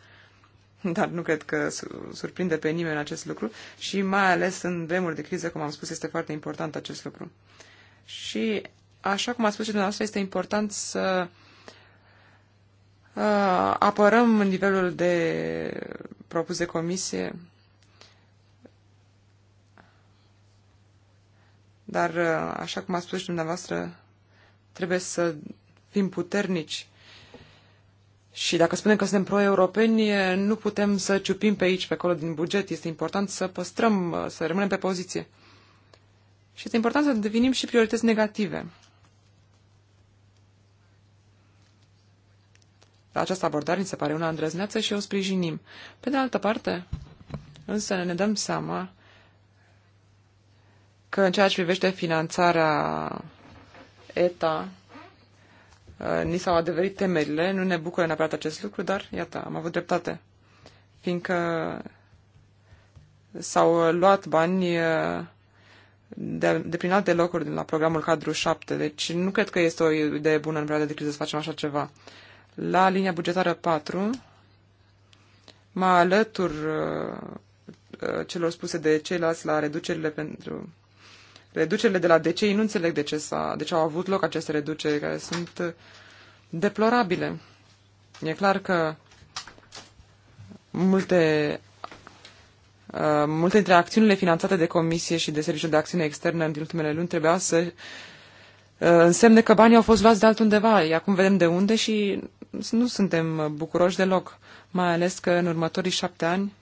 [SPEAKER 2] dar nu cred că surprinde pe nimeni în acest lucru și mai ales în vremuri de criză, cum am spus, este foarte important acest lucru. Și, așa cum a spus și dumneavoastră, este important să uh, Uh, apărăm nivelul de propus de comisie, dar, uh, așa cum a spus și dumneavoastră, trebuie să fim puternici. Și dacă spunem că suntem pro-europeni, uh, nu putem să ciupim pe aici, pe acolo din buget. Este important să păstrăm, să rămânem pe poziție. Și este important să devenim și priorități negative. această abordare îmi se pare una îndrăzneață și o sprijinim. Pe de altă parte, însă ne dăm seama că în ceea ce privește finanțarea ETA, uh, ni s-au adeverit temerile, nu ne bucură neapărat acest lucru, dar iată, am avut dreptate, fiindcă s-au luat bani uh, de, de prin alte locuri din la programul cadru 7, deci nu cred că este o idee bună în perioada de criză să facem așa ceva. La linia bugetară 4 mă alătur uh, celor spuse de ceilalți la reducerile pentru reducerile de la DCI. Nu înțeleg de ce, s-a, de ce au avut loc aceste reduceri care sunt deplorabile. E clar că multe Uh, multe dintre acțiunile finanțate de Comisie și de Serviciul de Acțiune Externă din ultimele luni trebuia să uh, însemne că banii au fost luați de altundeva. Acum vedem de unde și nu suntem bucuroși deloc, mai ales că în următorii șapte ani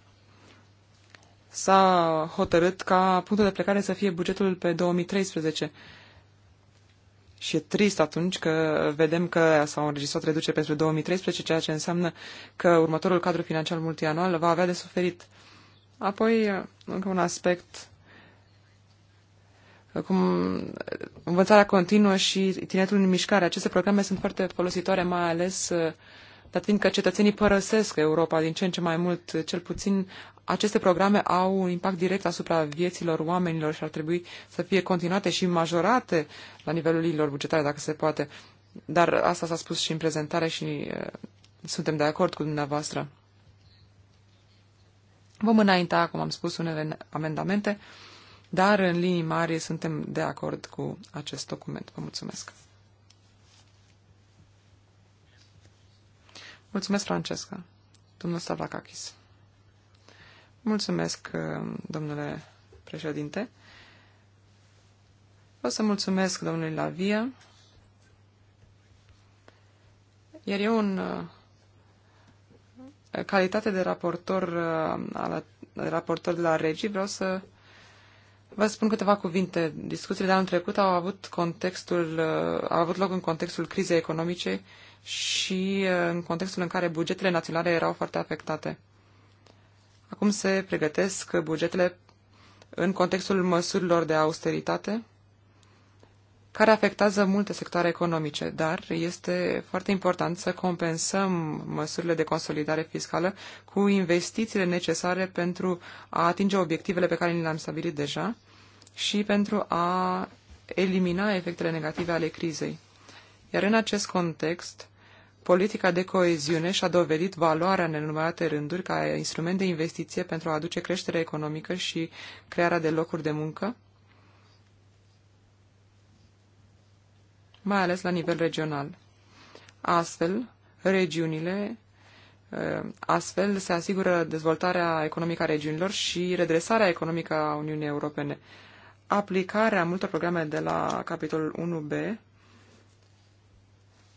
[SPEAKER 2] s-a hotărât ca punctul de plecare să fie bugetul pe 2013. Și e trist atunci că vedem că s-au înregistrat reduceri pentru 2013, ceea ce înseamnă că următorul cadru financiar multianual va avea de suferit. Apoi, încă un aspect cum învățarea continuă și tineretul în mișcare. Aceste programe sunt foarte folositoare, mai ales uh, dat fiindcă cetățenii părăsesc Europa din ce în ce mai mult, cel puțin aceste programe au un impact direct asupra vieților oamenilor și ar trebui să fie continuate și majorate la nivelul lor bugetare, dacă se poate. Dar asta s-a spus și în prezentare și uh, suntem de acord cu dumneavoastră. Vom înainta, cum am spus, unele amendamente dar în linii mari suntem de acord cu acest document. Vă mulțumesc! Mulțumesc, Francesca. Domnul Stavrakakis. Mulțumesc, domnule președinte. O să mulțumesc domnului Lavia. Iar eu, în calitate de raportor, uh, raportor de la Regi, vreau să Vă spun câteva cuvinte. Discuțiile de anul trecut au avut, contextul, uh, au avut loc în contextul crizei economice și uh, în contextul în care bugetele naționale erau foarte afectate. Acum se pregătesc bugetele în contextul măsurilor de austeritate care afectează multe sectoare economice, dar este foarte important să compensăm măsurile de consolidare fiscală cu investițiile necesare pentru a atinge obiectivele pe care ni le-am stabilit deja și pentru a elimina efectele negative ale crizei. Iar în acest context, politica de coeziune și-a dovedit valoarea în enumărate rânduri ca instrument de investiție pentru a aduce creștere economică și crearea de locuri de muncă, mai ales la nivel regional. Astfel, regiunile ă, Astfel se asigură dezvoltarea economică a regiunilor și redresarea economică a Uniunii Europene aplicarea multor programe de la capitolul 1B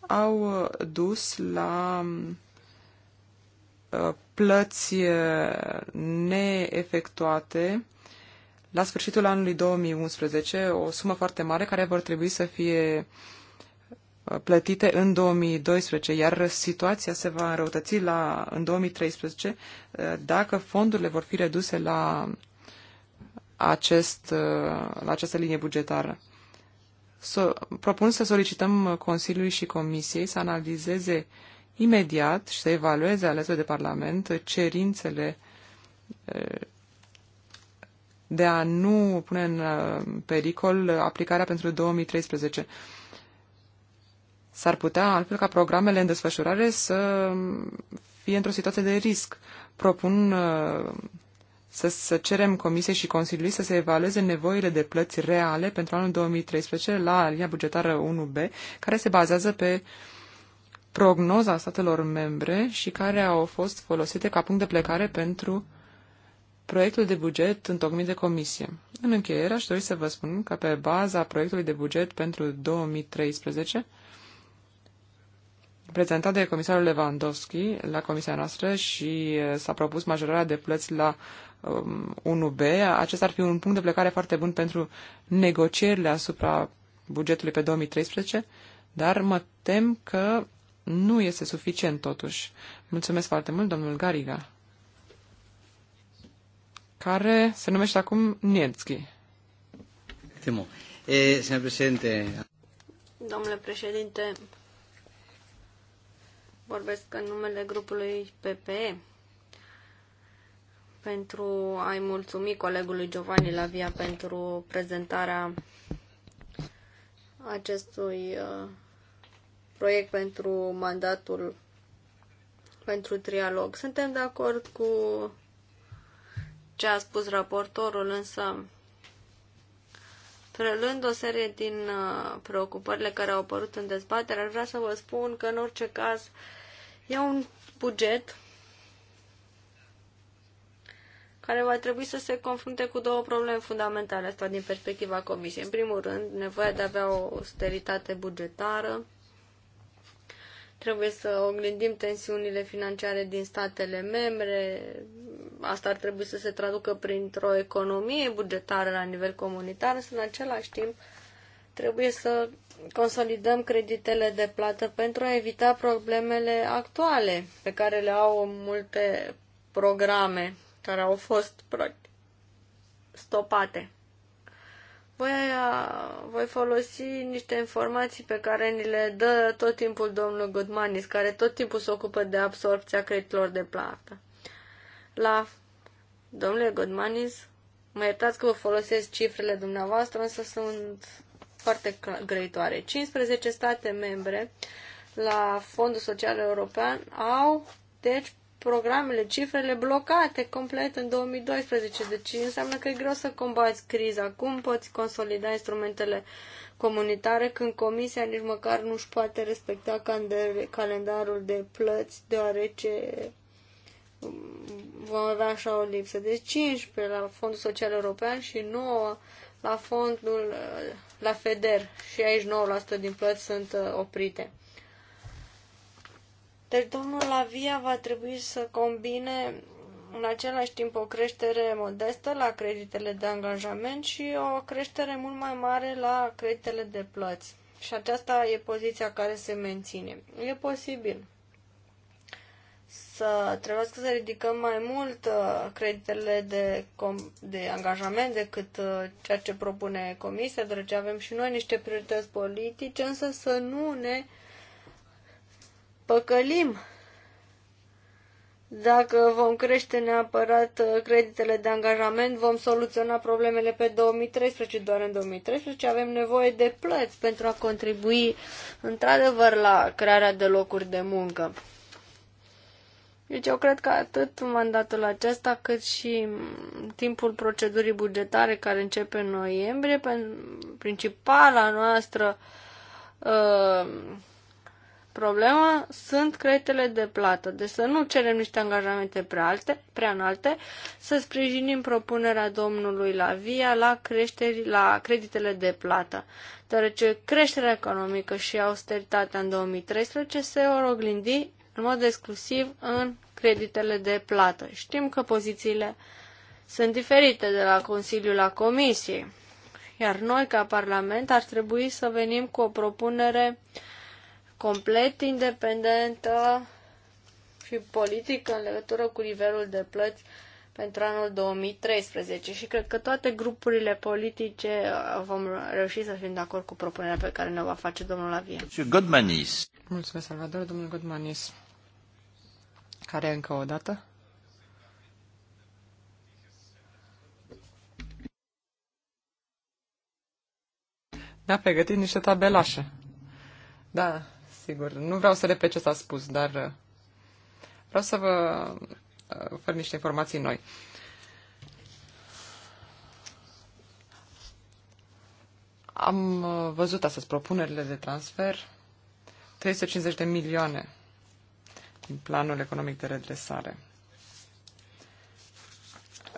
[SPEAKER 2] au uh, dus la um, uh, plăți uh, neefectuate la sfârșitul anului 2011, o sumă foarte mare care vor trebui să fie plătite în 2012, iar situația se va înrăutăți la, în 2013 dacă fondurile vor fi reduse la acest, uh, la această linie bugetară. So, propun să solicităm Consiliului și Comisiei să analizeze imediat și să evalueze alături de Parlament cerințele uh, de a nu pune în uh, pericol aplicarea pentru 2013. S-ar putea altfel ca programele în desfășurare să fie într-o situație de risc. Propun să, să cerem Comisiei și Consiliului să se evalueze nevoile de plăți reale pentru anul 2013 la linia bugetară 1B, care se bazează pe prognoza statelor membre și care au fost folosite ca punct de plecare pentru proiectul de buget întocmit de comisie. În încheiere, aș dori să vă spun că pe baza proiectului de buget pentru 2013, prezentat de comisarul Lewandowski la comisia noastră și eh, s-a propus majorarea de plăți la 1B, um, acesta ar fi un punct de plecare foarte bun pentru negocierile asupra bugetului pe 2013, dar mă tem că nu este suficient totuși. Mulțumesc foarte mult, domnul Gariga, care se numește acum Nienski.
[SPEAKER 3] Domnule președinte, vorbesc în numele grupului PPE pentru a-i mulțumi colegului Giovanni Lavia pentru prezentarea acestui uh, proiect pentru mandatul pentru trialog. Suntem de acord cu ce a spus raportorul, însă prelând o serie din uh, preocupările care au apărut în dezbatere, aș vrea să vă spun că în orice caz e un buget care va trebui să se confrunte cu două probleme fundamentale, asta din perspectiva Comisiei. În primul rând, nevoia de a avea o austeritate bugetară, trebuie să oglindim tensiunile financiare din statele membre, asta ar trebui să se traducă printr-o economie bugetară la nivel comunitar, însă în același timp trebuie să consolidăm creditele de plată pentru a evita problemele actuale pe care le au multe programe care au fost practic, stopate. Voi, voi folosi niște informații pe care ni le dă tot timpul domnul Goodmanis, care tot timpul se ocupă de absorpția creditelor de plată. La domnule Goodmanis, mă iertați că vă folosesc cifrele dumneavoastră, însă sunt foarte grăitoare. 15 state membre la Fondul Social European au, deci, programele, cifrele blocate complet în 2012. Deci înseamnă că e greu să combați criza. Cum poți consolida instrumentele comunitare când comisia nici măcar nu își poate respecta calendarul de plăți, deoarece um, vom avea așa o lipsă de deci, 15 la Fondul Social European și 9 la fondul uh, la FEDER și aici 9% din plăți sunt uh, oprite. Deci domnul Lavia va trebui să combine în același timp o creștere modestă la creditele de angajament și o creștere mult mai mare la creditele de plăți. Și aceasta e poziția care se menține. E posibil să trebuiască să ridicăm mai mult uh, creditele de, de angajament decât uh, ceea ce propune Comisia, deoarece avem și noi niște priorități politice, însă să nu ne uh, păcălim dacă vom crește neapărat uh, creditele de angajament, vom soluționa problemele pe 2013, doar în 2013 avem nevoie de plăți pentru a contribui într-adevăr la crearea de locuri de muncă. Deci eu cred că atât mandatul acesta cât și mm, timpul procedurii bugetare care începe în noiembrie, principala noastră uh, problemă sunt creditele de plată. Deci să nu cerem niște angajamente prea, alte, prea înalte, să sprijinim propunerea domnului Lavia la, creșteri, la creditele de plată, deoarece creșterea economică și austeritatea în 2013 se vor oglindi în mod exclusiv în creditele de plată. Știm că pozițiile sunt diferite de la Consiliul la Comisie, iar noi, ca Parlament, ar trebui să venim cu o propunere uh, complet independentă și politică în legătură cu nivelul de plăți pentru anul 2013 și cred că toate grupurile politice uh, vom reuși să fim de acord cu propunerea pe care ne va face domnul Lavia.
[SPEAKER 1] Godmanis.
[SPEAKER 2] Mulțumesc, Salvador, domnul Godmanis. Care încă o dată? da a pregătit niște tabelașe. Da, sigur. Nu vreau să repet ce s-a spus, dar uh, vreau să vă uh, ofer niște informații noi. Am uh, văzut astăzi propunerile de transfer, 350 de milioane din planul economic de redresare.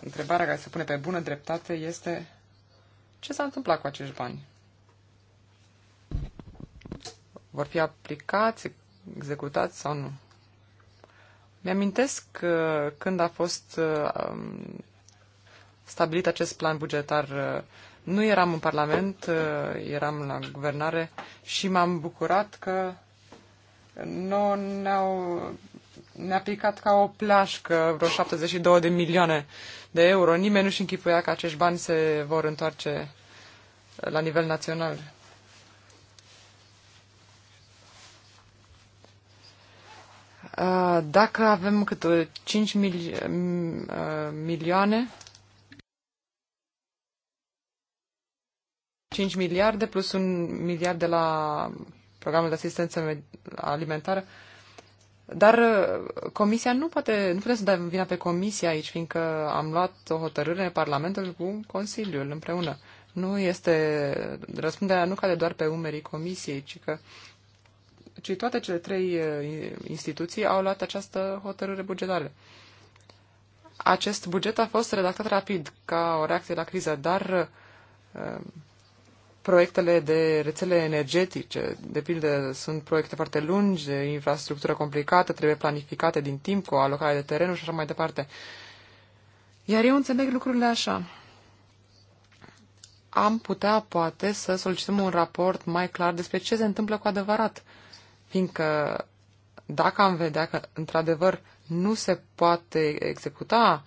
[SPEAKER 2] Întrebarea care se pune pe bună dreptate este ce s-a întâmplat cu acești bani? vor fi aplicați, executați sau nu. Mi-amintesc că uh, când a fost uh, um, stabilit acest plan bugetar, uh, nu eram în Parlament, eram la guvernare și m-am bucurat că nu ne-au ne-a picat ca o plașcă vreo 72 de milioane de euro. Nimeni nu-și închipuia că acești bani se vor întoarce la nivel național. Uh, dacă avem câte 5 mil, uh, milioane, 5 miliarde plus un miliard de la programul de asistență alimentară, dar uh, comisia nu poate, nu putem să dăm vina pe comisia aici, fiindcă am luat o hotărâre Parlamentul cu Consiliul împreună. Nu este, răspunderea nu cade doar pe umerii comisiei, ci că ci toate cele trei instituții au luat această hotărâre bugetară. Acest buget a fost redactat rapid ca o reacție la criză, dar proiectele de rețele energetice, de pildă, sunt proiecte foarte lungi, de infrastructură complicată, trebuie planificate din timp cu alocare de terenuri și așa mai departe. Iar eu înțeleg lucrurile așa. Am putea, poate, să solicităm un raport mai clar despre ce se întâmplă cu adevărat fiindcă dacă am vedea că, într-adevăr, nu se poate executa,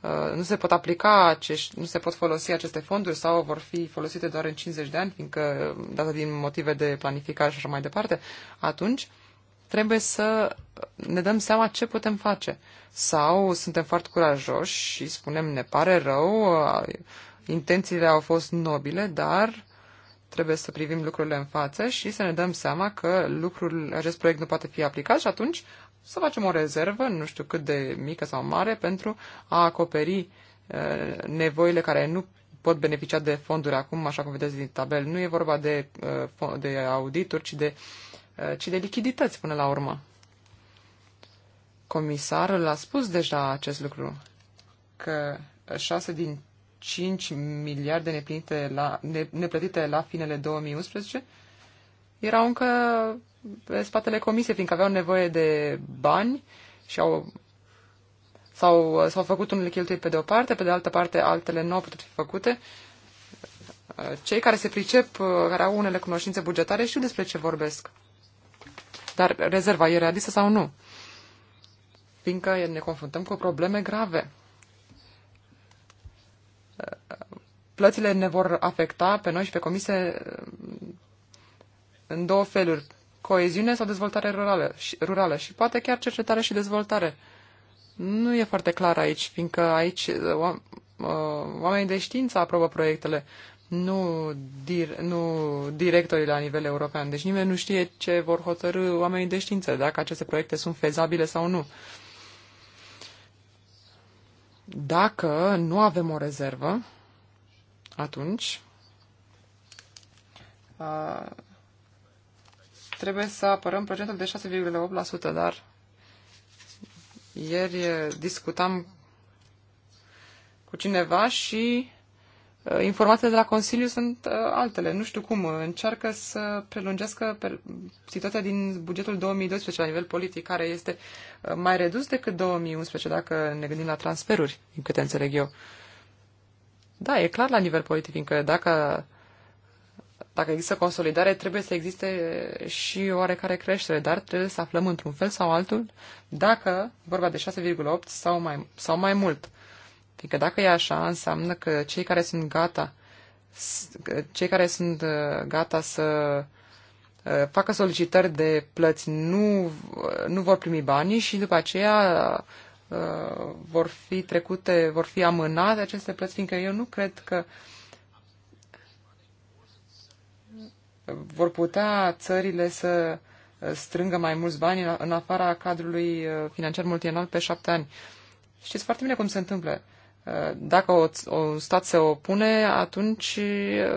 [SPEAKER 2] uh, nu se pot aplica, acești, nu se pot folosi aceste fonduri sau vor fi folosite doar în 50 de ani, fiindcă, uh, dată din motive de planificare și așa mai departe, atunci trebuie să ne dăm seama ce putem face. Sau suntem foarte curajoși și spunem, ne pare rău, uh, intențiile au fost nobile, dar Trebuie să privim lucrurile în față și să ne dăm seama că lucrul, acest proiect nu poate fi aplicat și atunci să facem o rezervă, nu știu cât de mică sau mare, pentru a acoperi uh, nevoile care nu pot beneficia de fonduri acum, așa cum vedeți din tabel. Nu e vorba de, uh, de audituri, ci de, uh, ci de lichidități până la urmă. Comisarul a spus deja acest lucru, că 6 din 5 miliarde neplinite la, ne, neplătite la finele 2011 erau încă pe spatele comisiei, fiindcă aveau nevoie de bani și au, s-au, s-au făcut unele cheltuieli pe de o parte, pe de altă parte altele nu au putut fi făcute. Cei care se pricep, care au unele cunoștințe bugetare, știu despre ce vorbesc. Dar rezerva e realistă sau nu? Fiindcă ne confruntăm cu probleme grave plățile ne vor afecta pe noi și pe comise um, în două feluri, coeziune sau dezvoltare rurală și, rurală și poate chiar cercetare și dezvoltare. Nu e foarte clar aici, fiindcă aici uh, uh, oamenii de știință aprobă proiectele, nu, dir, nu directorii la nivel european. Deci nimeni nu știe ce vor hotărâ oamenii de știință, dacă aceste proiecte sunt fezabile sau nu. Dacă nu avem o rezervă, atunci uh, trebuie să apărăm procentul de 6,8%, dar ieri discutam cu cineva și informațiile de la Consiliu sunt altele. Nu știu cum. Încearcă să prelungească situația din bugetul 2012 la nivel politic, care este mai redus decât 2011, dacă ne gândim la transferuri, din câte înțeleg eu. Da, e clar la nivel politic, fiindcă dacă, dacă există consolidare, trebuie să existe și oarecare creștere, dar trebuie să aflăm într-un fel sau altul dacă vorba de 6,8 sau mai, sau mai mult. Fiindcă dacă e așa, înseamnă că cei care sunt gata, cei care sunt uh, gata să uh, facă solicitări de plăți nu, uh, nu vor primi banii și după aceea Uh, vor fi trecute, vor fi amânate aceste plăți, fiindcă eu nu cred că vor putea țările să strângă mai mulți bani în afara cadrului uh, financiar multianual pe șapte ani. Știți foarte bine cum se întâmplă. Uh, dacă o, o stat se opune, atunci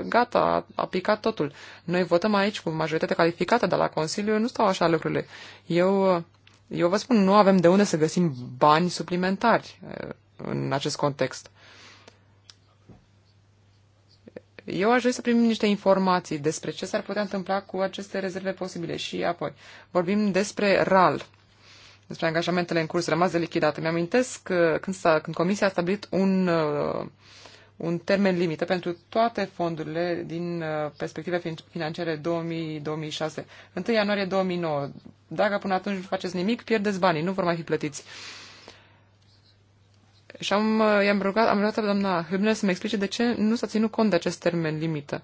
[SPEAKER 2] gata, a, a picat totul. Noi votăm aici cu majoritate calificată, dar la Consiliu nu stau așa lucrurile. Eu eu vă spun, nu avem de unde să găsim bani suplimentari uh, în acest context. Eu aș vrea să primim niște informații despre ce s-ar putea întâmpla cu aceste rezerve posibile și apoi vorbim despre RAL, despre angajamentele în curs rămas de lichidate. Mi-amintesc că uh, când, s-a, când Comisia a stabilit un uh, un termen limită pentru toate fondurile din uh, perspective financiare 2000-2006. 1 ianuarie 2009. Dacă până atunci nu faceți nimic, pierdeți banii, nu vor mai fi plătiți. Și am, uh, i-am rugat, am rugat pe doamna Hübner să-mi explice de ce nu s-a ținut cont de acest termen limită.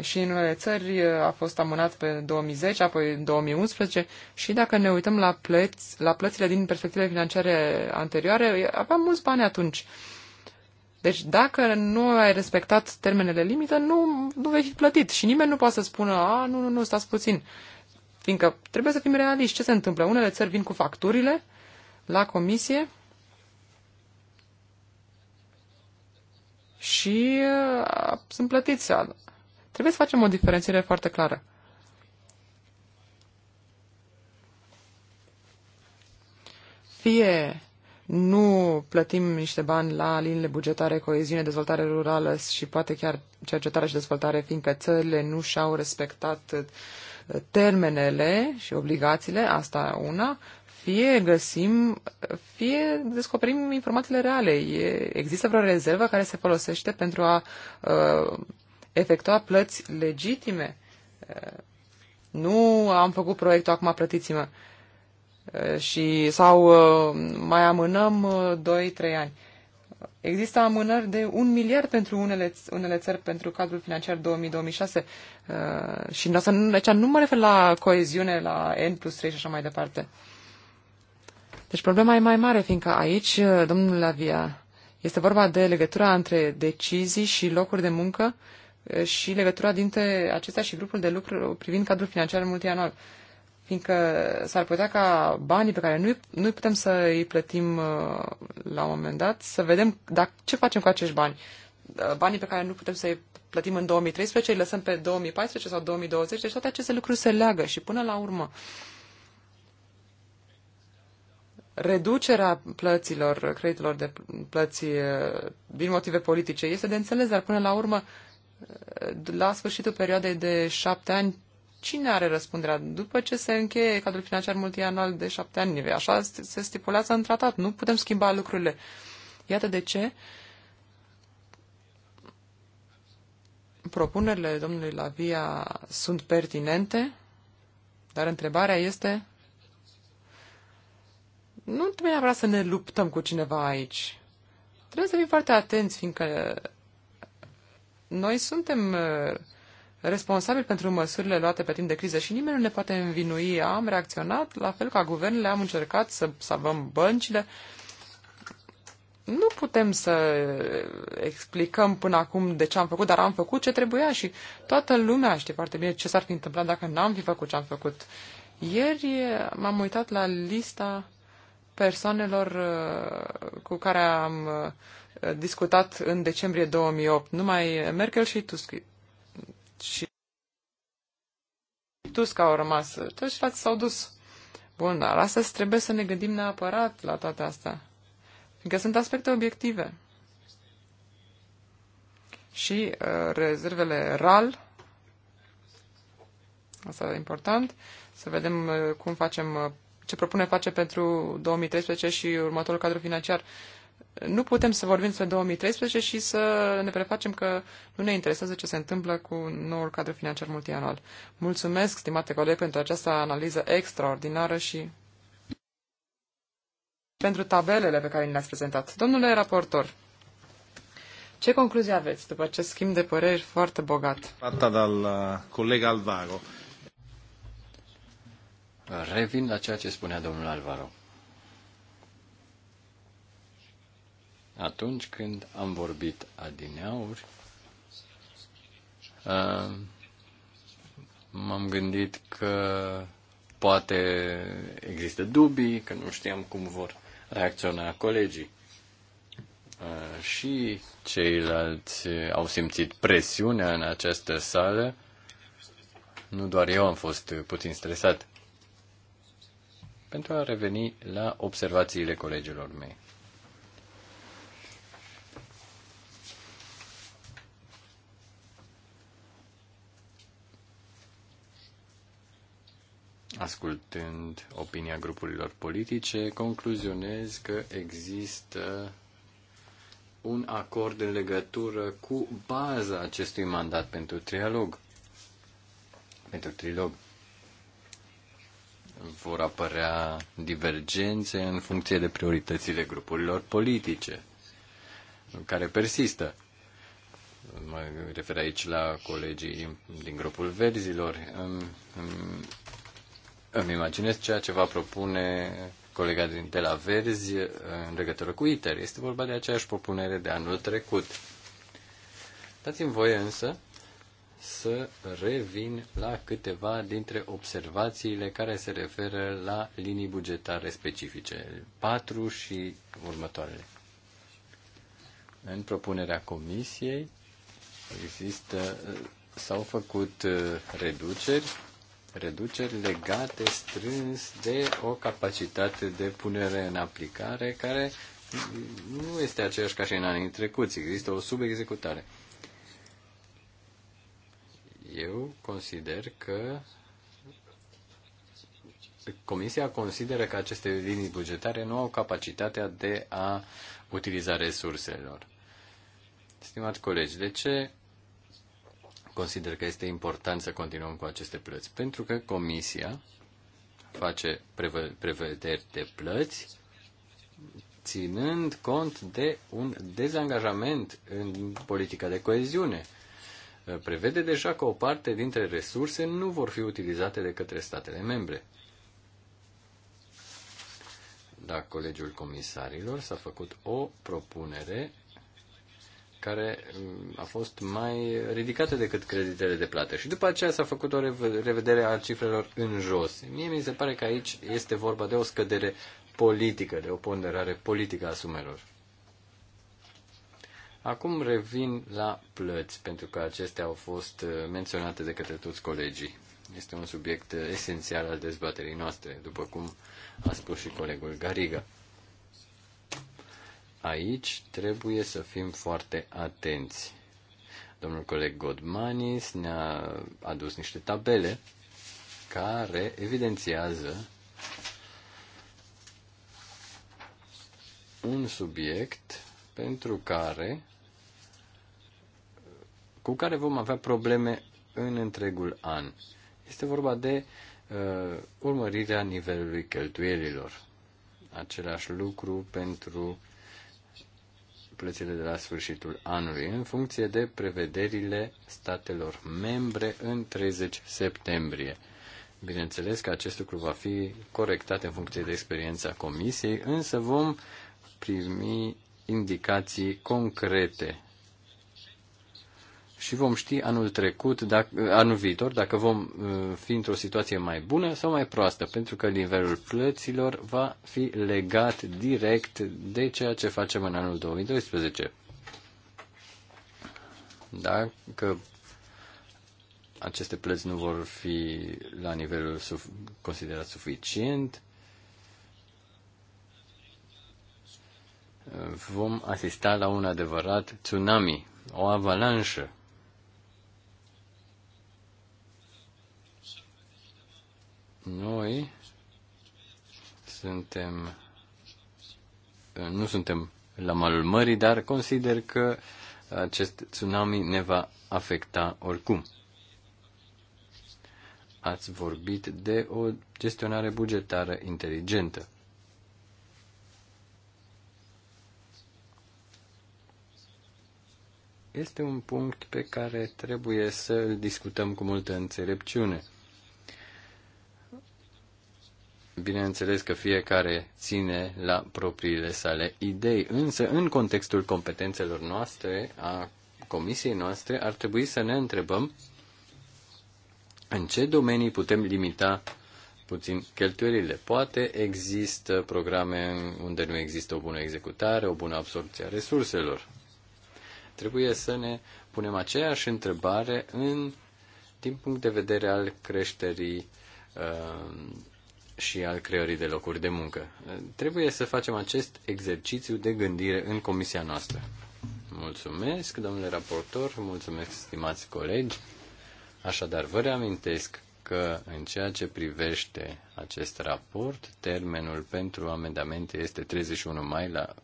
[SPEAKER 2] Și în unele țări uh, a fost amânat pe 2010, apoi 2011 și dacă ne uităm la, plăți, la plățile din perspectivele financiare anterioare, aveam mulți bani atunci. Uh, deci dacă nu ai respectat termenele limită, nu, nu vei fi plătit și nimeni nu poate să spună, a, nu, nu, nu, stați puțin. Fiindcă trebuie să fim realiști. Ce se întâmplă? Unele țări vin cu facturile la comisie și uh, sunt plătiți. Trebuie să facem o diferențiere foarte clară. Fie nu plătim niște bani la liniile bugetare, coeziune, dezvoltare rurală și poate chiar cercetare și dezvoltare, fiindcă țările nu și-au respectat uh, termenele și obligațiile, asta una, fie găsim, fie descoperim informațiile reale. E, există vreo rezervă care se folosește pentru a uh, efectua plăți legitime. Uh, nu am făcut proiectul, acum plătiți-mă. Uh, Eh, și sau eh, mai amânăm 2-3 eh, ani. Există amânări de un miliard pentru unele, unele țări pentru cadrul financiar 2000-2006 uh, și nu, aici deci nu mă refer la coeziune, la N plus 3 și așa mai departe. Deci problema e mai mare, fiindcă aici, domnul Lavia, este vorba de legătura între decizii și locuri de muncă și legătura dintre acestea și grupul de lucru privind cadrul financiar multianual. Uh, fiindcă s-ar putea ca banii pe care nu nu putem să îi plătim uh, la un moment dat, să vedem dacă, ce facem cu acești bani. Uh, banii pe care nu putem să-i plătim în 2013, îi lăsăm pe 2014 sau 2020, deci toate aceste lucruri se leagă și până la urmă reducerea plăților, creditelor de plăți uh, din motive politice este de înțeles, dar până la urmă, la sfârșitul perioadei de șapte ani, Cine are răspunderea după ce se încheie cadrul financiar multianual de șapte ani? Așa se stipulează în tratat. Nu putem schimba lucrurile. Iată de ce propunerile domnului Lavia sunt pertinente, dar întrebarea este nu trebuie neapărat să ne luptăm cu cineva aici. Trebuie să fim foarte atenți, fiindcă noi suntem uh, responsabil pentru măsurile luate pe timp de criză și nimeni nu ne poate învinui. Am reacționat la fel ca guvernele, am încercat să salvăm băncile. Nu putem să explicăm până acum de ce am făcut, dar am făcut ce trebuia și toată lumea știe foarte bine ce s-ar fi întâmplat dacă n-am fi făcut ce am făcut. Ieri m-am uitat la lista persoanelor uh, cu care am uh, discutat în decembrie 2008, numai Merkel și Tusk și Tusk au rămas. Toți frații s-au dus. Bun, dar astăzi trebuie să ne gândim neapărat la toate astea. Fiindcă sunt aspecte obiective. Și uh, rezervele RAL, asta e important, să vedem uh, cum facem, uh, ce propune face pentru 2013 și următorul cadru financiar. Uh, nu putem să vorbim despre 2013 și să ne prefacem că nu ne interesează ce se întâmplă cu noul cadru financiar multianual. Mulțumesc, stimate colegi, pentru această analiză extraordinară și pentru tabelele pe care ni le-ați prezentat. Domnule raportor, ce concluzie aveți după acest schimb de păreri foarte bogat?
[SPEAKER 1] Fata dal uh, coleg Alvaro. Revin la ceea ce spunea domnul Alvaro. Atunci când am vorbit adineauri, m-am gândit că poate există dubii, că nu știam cum vor reacționa colegii. Și ceilalți au simțit presiunea în această sală. Nu doar eu am fost puțin stresat. Pentru a reveni la observațiile colegilor mei. Ascultând opinia grupurilor politice, concluzionez că există un acord în legătură cu baza acestui mandat pentru trialog. Pentru trilog vor apărea divergențe în funcție de prioritățile grupurilor politice care persistă. Mă refer aici la colegii din grupul verzilor. Îmi imaginez ceea ce va propune colega din de la Verzi uh, în legătură cu ITER. Este vorba de aceeași propunere de anul trecut. Dați-mi voie însă să revin la câteva dintre observațiile care se referă la linii bugetare specifice, 4 și următoarele. În propunerea comisiei există, s-au făcut uh, reduceri reduceri legate strâns de o capacitate de punere în aplicare care nu este aceeași ca și în anii trecuți. Există o subexecutare. Eu consider că Comisia consideră că aceste linii bugetare nu au capacitatea de a utiliza resurselor. Stimați colegi, de ce consider că este important să continuăm cu aceste plăți, pentru că Comisia face prevederi de plăți ținând cont de un dezangajament în politica de coeziune. Prevede deja că o parte dintre resurse nu vor fi utilizate de către statele membre. La Colegiul Comisarilor s-a făcut o propunere care mm, a fost mai ridicată decât creditele de plată. Și după aceea s-a făcut o revedere a cifrelor în jos. Mie mi se pare că aici este vorba de o scădere politică, de o ponderare politică a sumelor. Acum revin la plăți, pentru că acestea au fost uh, menționate de către toți colegii. Este un subiect uh, esențial al dezbaterii noastre, după cum a spus și colegul Gariga. Aici trebuie să fim foarte atenți. Domnul coleg Godmanis ne-a adus niște tabele care evidențiază un subiect pentru care cu care vom avea probleme în întregul an. Este vorba de uh, urmărirea nivelului cheltuielilor. Același lucru pentru uh, plățile de la sfârșitul anului, în funcție de prevederile statelor membre în 30 septembrie. Bineînțeles că acest lucru va fi corectat în funcție de experiența comisiei, însă vom primi indicații concrete și vom ști anul trecut, dacă, anul viitor, dacă vom uh, fi într-o situație mai bună sau mai proastă, pentru că nivelul plăților va fi legat direct de ceea ce facem în anul 2012. Dacă aceste plăți nu vor fi la nivelul considerat suficient, uh, vom asista la un adevărat tsunami, o avalanșă Noi suntem, nu suntem la malul mării, dar consider că acest tsunami ne va afecta oricum. Ați vorbit de o gestionare bugetară inteligentă. Este un punct pe care trebuie să îl discutăm cu multă înțelepciune. Bineînțeles că fiecare ține la propriile sale idei, însă în contextul competențelor noastre, a comisiei noastre, ar trebui să ne întrebăm în ce domenii putem limita puțin cheltuielile. Poate există programe unde nu există o bună executare, o bună absorpție a resurselor. Trebuie să ne punem aceeași întrebare în, din punct de vedere al creșterii uh, și al creării de locuri de muncă. Trebuie să facem acest exercițiu de gândire în comisia noastră. Mulțumesc, domnule raportor, mulțumesc, stimați colegi. Așadar, vă reamintesc că în ceea ce privește acest raport, termenul pentru amendamente este 31 mai la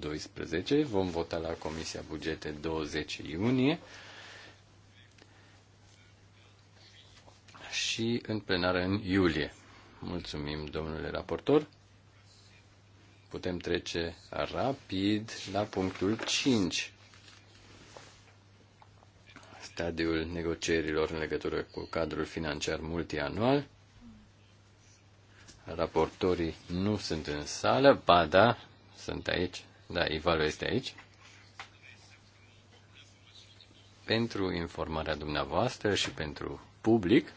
[SPEAKER 1] 12. Vom vota la Comisia Bugete 20 iunie. și în plenară în iulie. Mulțumim, domnule raportor. Putem trece rapid la punctul 5. Stadiul negocierilor în legătură cu cadrul financiar multianual. Raportorii nu sunt în sală. Ba da, sunt aici. Da, Ivalo este aici. Pentru informarea dumneavoastră și pentru public,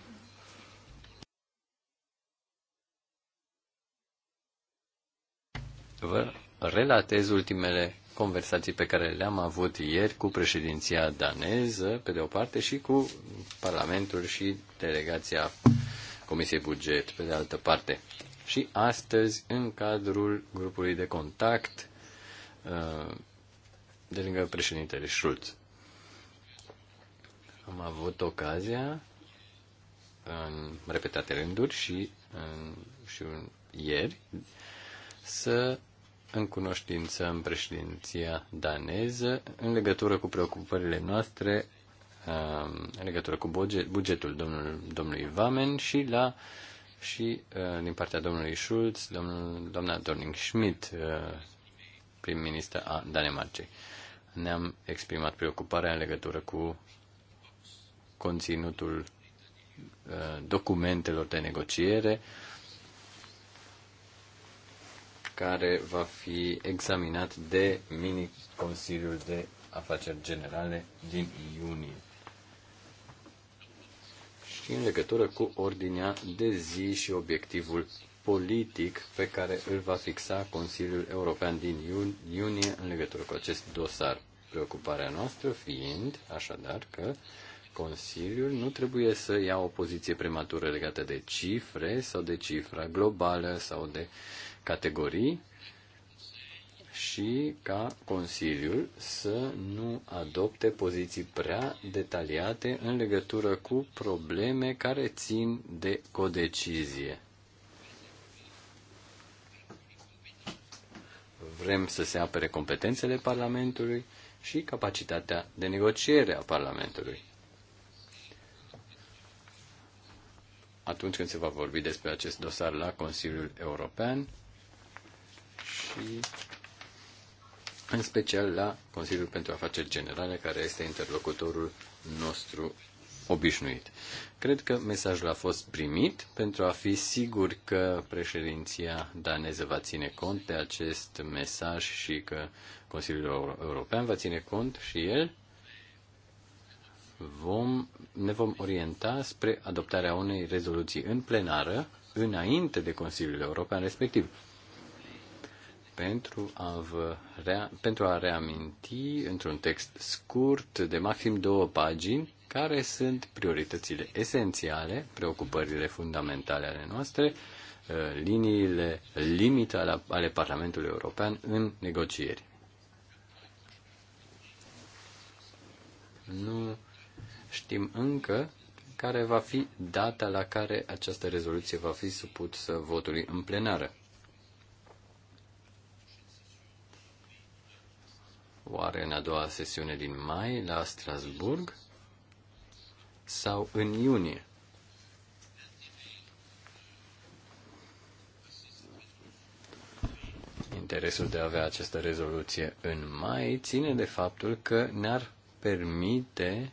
[SPEAKER 1] vă relatez ultimele conversații pe care le-am avut ieri cu președinția daneză, pe de o parte, și cu Parlamentul și delegația Comisiei Buget, pe de altă parte. Și astăzi, în cadrul grupului de contact uh, de lângă președintele Schulz. Am avut ocazia în repetate rânduri și, în, și în, ieri să în cunoștință în președinția daneză în legătură cu preocupările noastre, um, în legătură cu bugetul domnul, domnului Vamen și la și uh, din partea domnului Schulz, domnul, doamna Dorning Schmidt, uh, prim-ministra a Danemarcei. Ne-am exprimat preocuparea în legătură cu conținutul uh, documentelor de negociere, uh, care va fi examinat de mini-Consiliul de Afaceri Generale din iunie. Și în legătură cu ordinea de zi și obiectivul politic pe care îl va fixa Consiliul European din iunie în legătură cu acest dosar. Preocuparea noastră fiind, așadar, că Consiliul nu trebuie să ia o poziție prematură legată de cifre sau de cifra globală sau de categorii și ca Consiliul să nu adopte poziții prea detaliate în legătură cu probleme care țin de codecizie. Vrem să se apere competențele Parlamentului și capacitatea de negociere a Parlamentului. Atunci când se va vorbi despre acest dosar la Consiliul European, și în special la Consiliul pentru Afaceri Generale, care este interlocutorul nostru obișnuit. Cred că mesajul a fost primit pentru a fi sigur că președinția daneză va ține cont de acest mesaj și că Consiliul European va ține cont și el. Vom, ne vom orienta spre adoptarea unei rezoluții în plenară înainte de Consiliul European respectiv pentru a, vă rea, pentru a reaminti într-un text scurt de maxim două pagini care sunt prioritățile esențiale, preocupările fundamentale ale noastre, uh, liniile limită ale, ale Parlamentului European în negocieri. Nu știm încă care va fi data la care această rezoluție va fi supusă votului în plenară. Oare în a doua sesiune din mai la Strasburg sau în iunie? Interesul de a avea această rezoluție în mai ține de faptul că ne-ar permite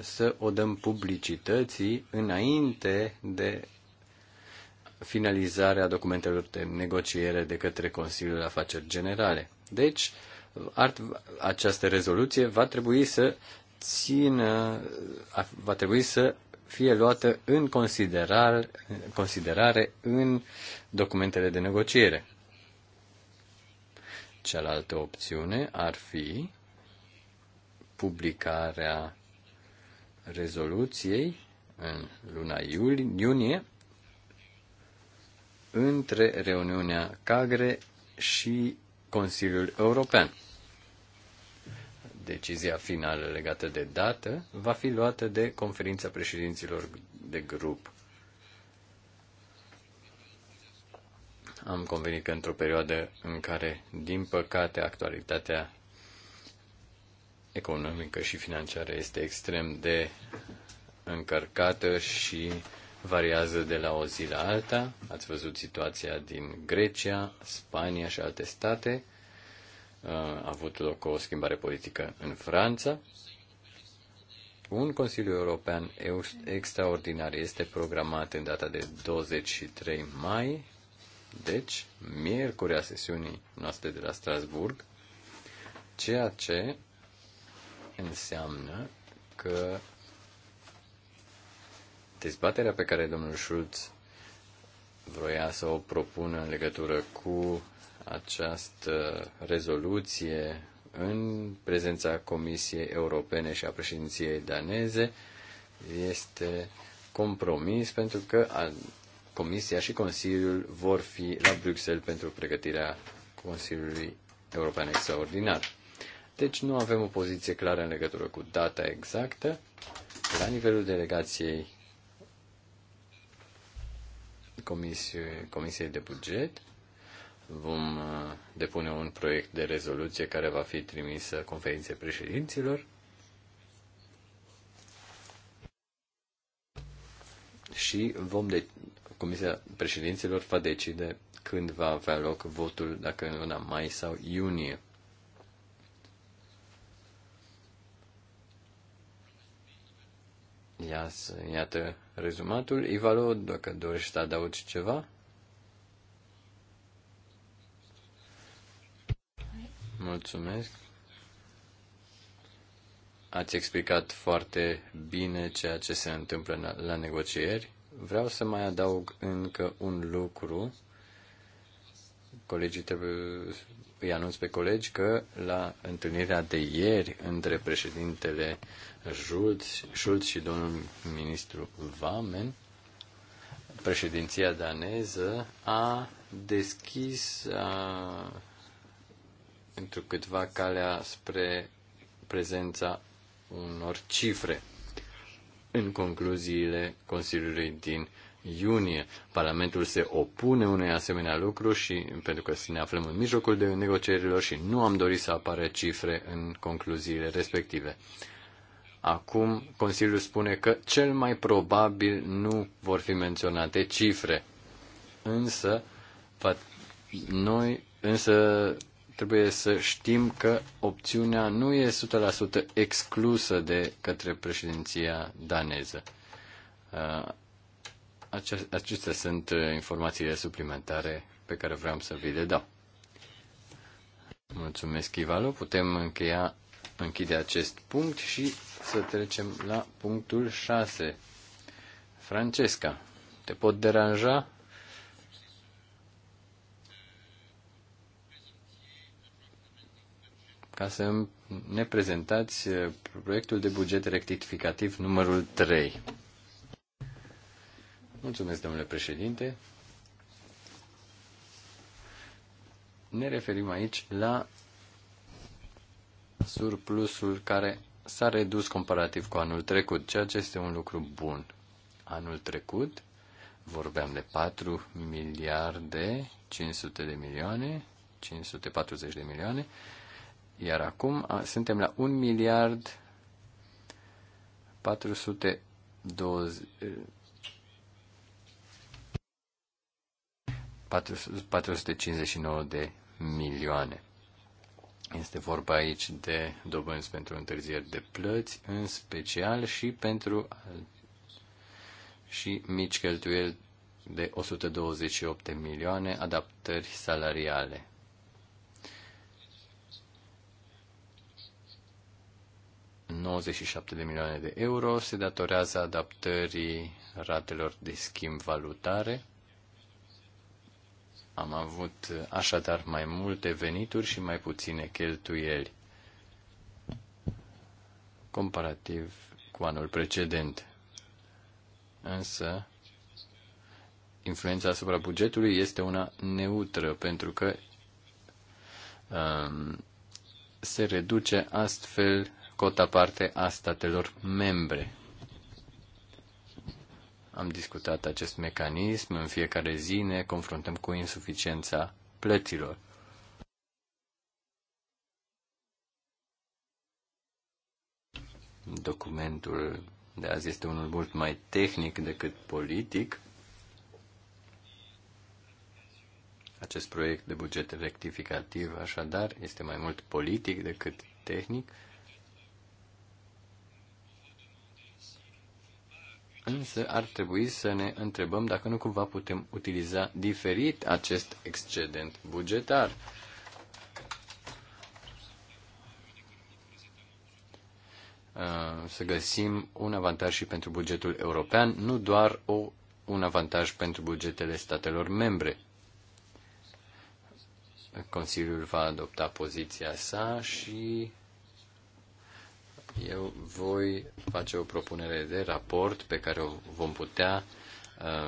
[SPEAKER 1] să o dăm publicității înainte de finalizarea documentelor de negociere de către Consiliul Afaceri Generale. Deci, această rezoluție va trebui să țină, va trebui să fie luată în considerare, considerare în documentele de negociere. Cealaltă opțiune ar fi publicarea rezoluției în luna iulie, iunie între reuniunea CAGRE și Consiliul European decizia finală legată de dată va fi luată de conferința președinților de grup. Am convenit că într-o perioadă în care, din păcate, actualitatea economică și financiară este extrem de încărcată și variază de la o zi la alta. Ați văzut situația din Grecia, Spania și alte state a avut loc o schimbare politică în Franța. Un Consiliu European extraordinar este programat în data de 23 mai, deci miercurea sesiunii noastre de la Strasburg, ceea ce înseamnă că dezbaterea pe care domnul Schulz vroia să o propună în legătură cu această rezoluție în prezența Comisiei Europene și a președinției daneze este compromis pentru că Comisia și Consiliul vor fi la Bruxelles pentru pregătirea Consiliului European Extraordinar. Deci nu avem o poziție clară în legătură cu data exactă. La nivelul delegației Comisiei, Comisiei de Buget, vom uh, depune un proiect de rezoluție care va fi trimisă conferinței președinților. Și vom de- Comisia Președinților va decide când va avea loc votul, dacă în luna mai sau iunie. Ia, iată rezumatul. Ivalo, dacă dorești să adaugi ceva? Mulțumesc. Ați explicat foarte bine ceea ce se întâmplă la negocieri. Vreau să mai adaug încă un lucru. Colegii trebuie, îi anunț pe colegi că la întâlnirea de ieri între președintele Schulz, și domnul ministru Vamen, președinția daneză a deschis, a pentru câtva calea spre prezența unor cifre. În concluziile Consiliului din iunie, Parlamentul se opune unei asemenea lucru și pentru că ne aflăm în mijlocul de negocierilor și nu am dorit să apară cifre în concluziile respective. Acum Consiliul spune că cel mai probabil nu vor fi menționate cifre. Însă, noi, însă trebuie să știm că opțiunea nu e 100% exclusă de către președinția daneză. Uh, acestea sunt uh, informațiile suplimentare pe care vreau să vi le dau. Mulțumesc, Ivalo. Putem încheia, închide acest punct și să trecem la punctul 6. Francesca, te pot deranja? ca să ne prezentați eh, proiectul de buget rectificativ numărul 3. Mulțumesc, domnule președinte. Ne referim aici la surplusul care s-a redus comparativ cu anul trecut, ceea ce este un lucru bun. Anul trecut vorbeam de 4 miliarde 500 de milioane, 540 de milioane, iar acum a, suntem la 1 miliard 459 de milioane. Este vorba aici de dobânzi pentru întârzieri de plăți, în special și pentru și mici cheltuieli de 128 de milioane adaptări salariale. 97 de milioane de euro se datorează adaptării ratelor de schimb valutare. Am avut așadar mai multe venituri și mai puține cheltuieli comparativ cu anul precedent. Însă, influența asupra bugetului este una neutră, pentru că um, se reduce astfel cota parte a statelor membre. Am discutat acest mecanism, în fiecare zi ne confruntăm cu insuficiența plăților. Documentul de azi este unul mult mai tehnic decât politic. Acest proiect de buget rectificativ, așadar, este mai mult politic decât tehnic. Însă ar trebui să ne întrebăm dacă nu cumva putem utiliza diferit acest excedent bugetar. Să găsim un avantaj și pentru bugetul european, nu doar o, un avantaj pentru bugetele statelor membre. Consiliul va adopta poziția sa și eu voi face o propunere de raport pe care o vom putea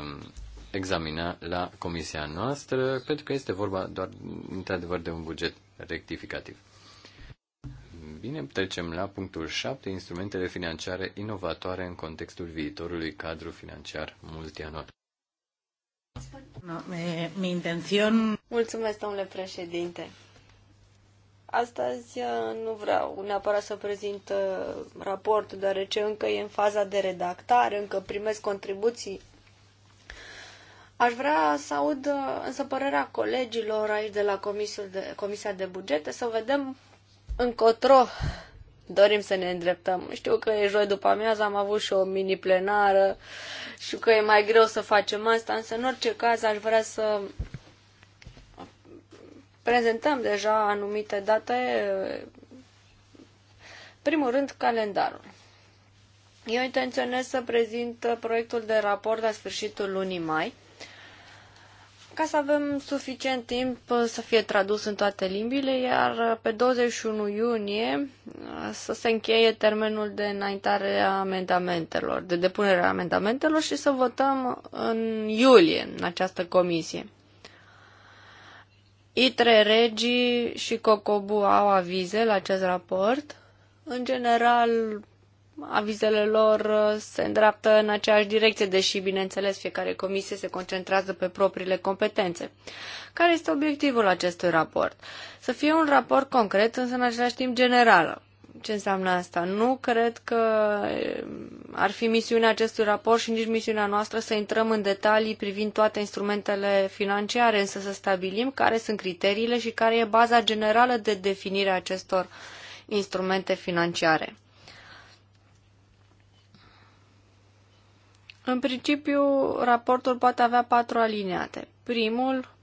[SPEAKER 1] um, examina la comisia noastră, pentru că este vorba doar, într-adevăr, de un buget rectificativ. Bine, trecem la punctul 7, instrumentele financiare inovatoare în contextul viitorului cadru financiar multianual.
[SPEAKER 3] No,
[SPEAKER 2] mi intențion...
[SPEAKER 3] Mulțumesc, domnule președinte. Astăzi uh, nu vreau neapărat să prezint uh, raportul, deoarece încă e în faza de redactare, încă primesc contribuții. Aș vrea să aud uh, însă părerea colegilor aici de la de, Comisia de Bugete, să vedem încotro dorim să ne îndreptăm. Știu că e joi după amiază, am avut și o mini plenară, știu că e mai greu să facem asta, însă în orice caz aș vrea să prezentăm deja anumite date, primul rând calendarul. Eu intenționez să prezint proiectul de raport la sfârșitul lunii mai, ca să avem suficient timp să fie tradus în toate limbile, iar pe 21 iunie să se încheie termenul de înaintare a amendamentelor, de depunere a amendamentelor și să votăm în iulie în această comisie. ITRE, regi și COCOBU au avize la acest raport. În general, avizele lor uh, se îndreaptă în aceeași direcție, deși, bineînțeles, fiecare comisie se concentrează pe propriile competențe. Care este obiectivul acestui raport? Să fie un raport concret, însă în același timp general. Ce înseamnă asta? Nu cred că ar fi misiunea acestui raport și nici misiunea noastră să intrăm în detalii privind toate instrumentele financiare, însă să stabilim care sunt criteriile și care e baza generală de definire a acestor instrumente financiare. În principiu, raportul poate avea patru aliniate. Primul,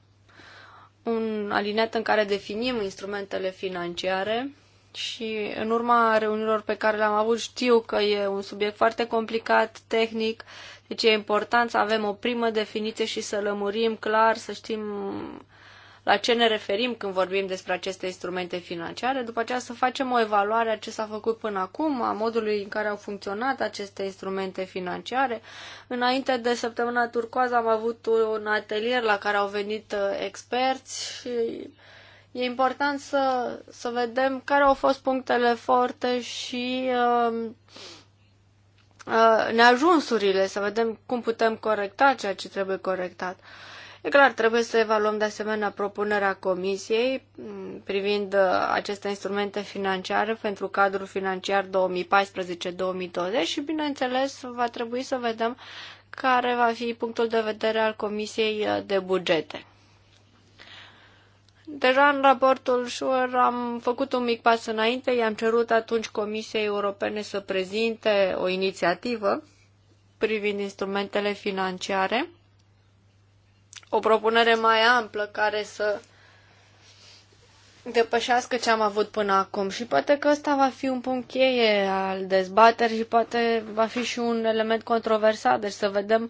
[SPEAKER 3] un aliniat în care definim instrumentele financiare, și în urma reunirilor pe care le-am avut știu că e un subiect foarte complicat, tehnic, deci e important să avem o primă definiție și să lămurim clar, să știm la ce ne referim când vorbim despre aceste instrumente financiare, după aceea să facem o evaluare a ce s-a făcut până acum, a modului în care au funcționat aceste instrumente financiare. Înainte de săptămâna turcoază am avut un atelier la care au venit uh, experți și E important să, să vedem care au fost punctele forte și uh, uh, neajunsurile, să vedem cum putem corecta ceea ce trebuie corectat. E clar, trebuie să evaluăm de asemenea propunerea Comisiei mm, privind uh, aceste instrumente financiare pentru cadrul financiar 2014-2020 și, bineînțeles, va trebui să vedem care va fi punctul de vedere al Comisiei uh, de bugete. Deja în raportul Schur am făcut un mic pas înainte, i-am cerut atunci Comisiei Europene să prezinte o inițiativă privind instrumentele financiare, o propunere mai amplă care să depășească ce am avut până acum și poate că ăsta va fi un punct cheie al dezbaterii și poate va fi și un element controversat, deci să vedem uh,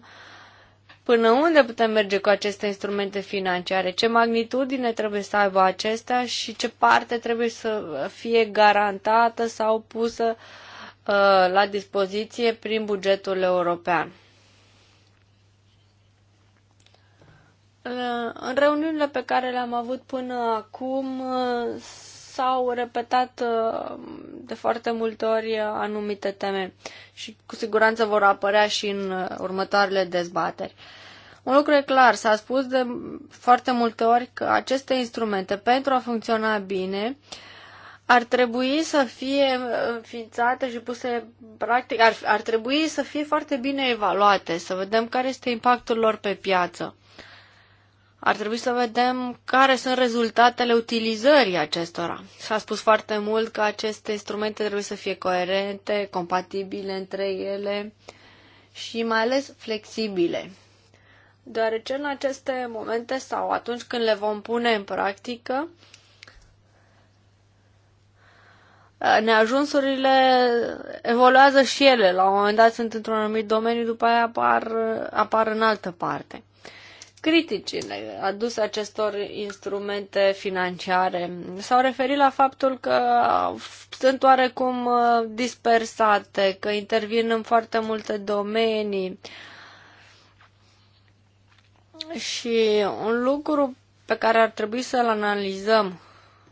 [SPEAKER 3] Până unde putem merge cu aceste instrumente financiare? Ce magnitudine trebuie să aibă acestea și ce parte trebuie să fie garantată sau pusă uh, la dispoziție prin bugetul european? Uh, în reuniunile pe care le-am avut până acum uh, s-au repetat uh, de foarte multe ori uh, anumite teme și cu siguranță vor apărea și în uh, următoarele dezbateri. Un lucru e clar, s-a spus de foarte multe ori că aceste instrumente, pentru a funcționa bine, ar trebui să fie înființate și puse practic, ar, ar trebui să fie foarte bine evaluate, să vedem care este impactul lor pe piață. Ar trebui să vedem care sunt rezultatele utilizării acestora. S-a spus foarte mult că aceste instrumente trebuie să fie coerente, compatibile între ele și mai ales flexibile. Deoarece în aceste momente sau atunci când le vom pune în practică, neajunsurile evoluează și ele. La un moment dat sunt într-un anumit domeniu, după aia apar, apar în altă parte criticile aduse acestor instrumente financiare. S-au referit la faptul că sunt oarecum uh, dispersate, că intervin în foarte multe domenii. Și un lucru pe care ar trebui să-l analizăm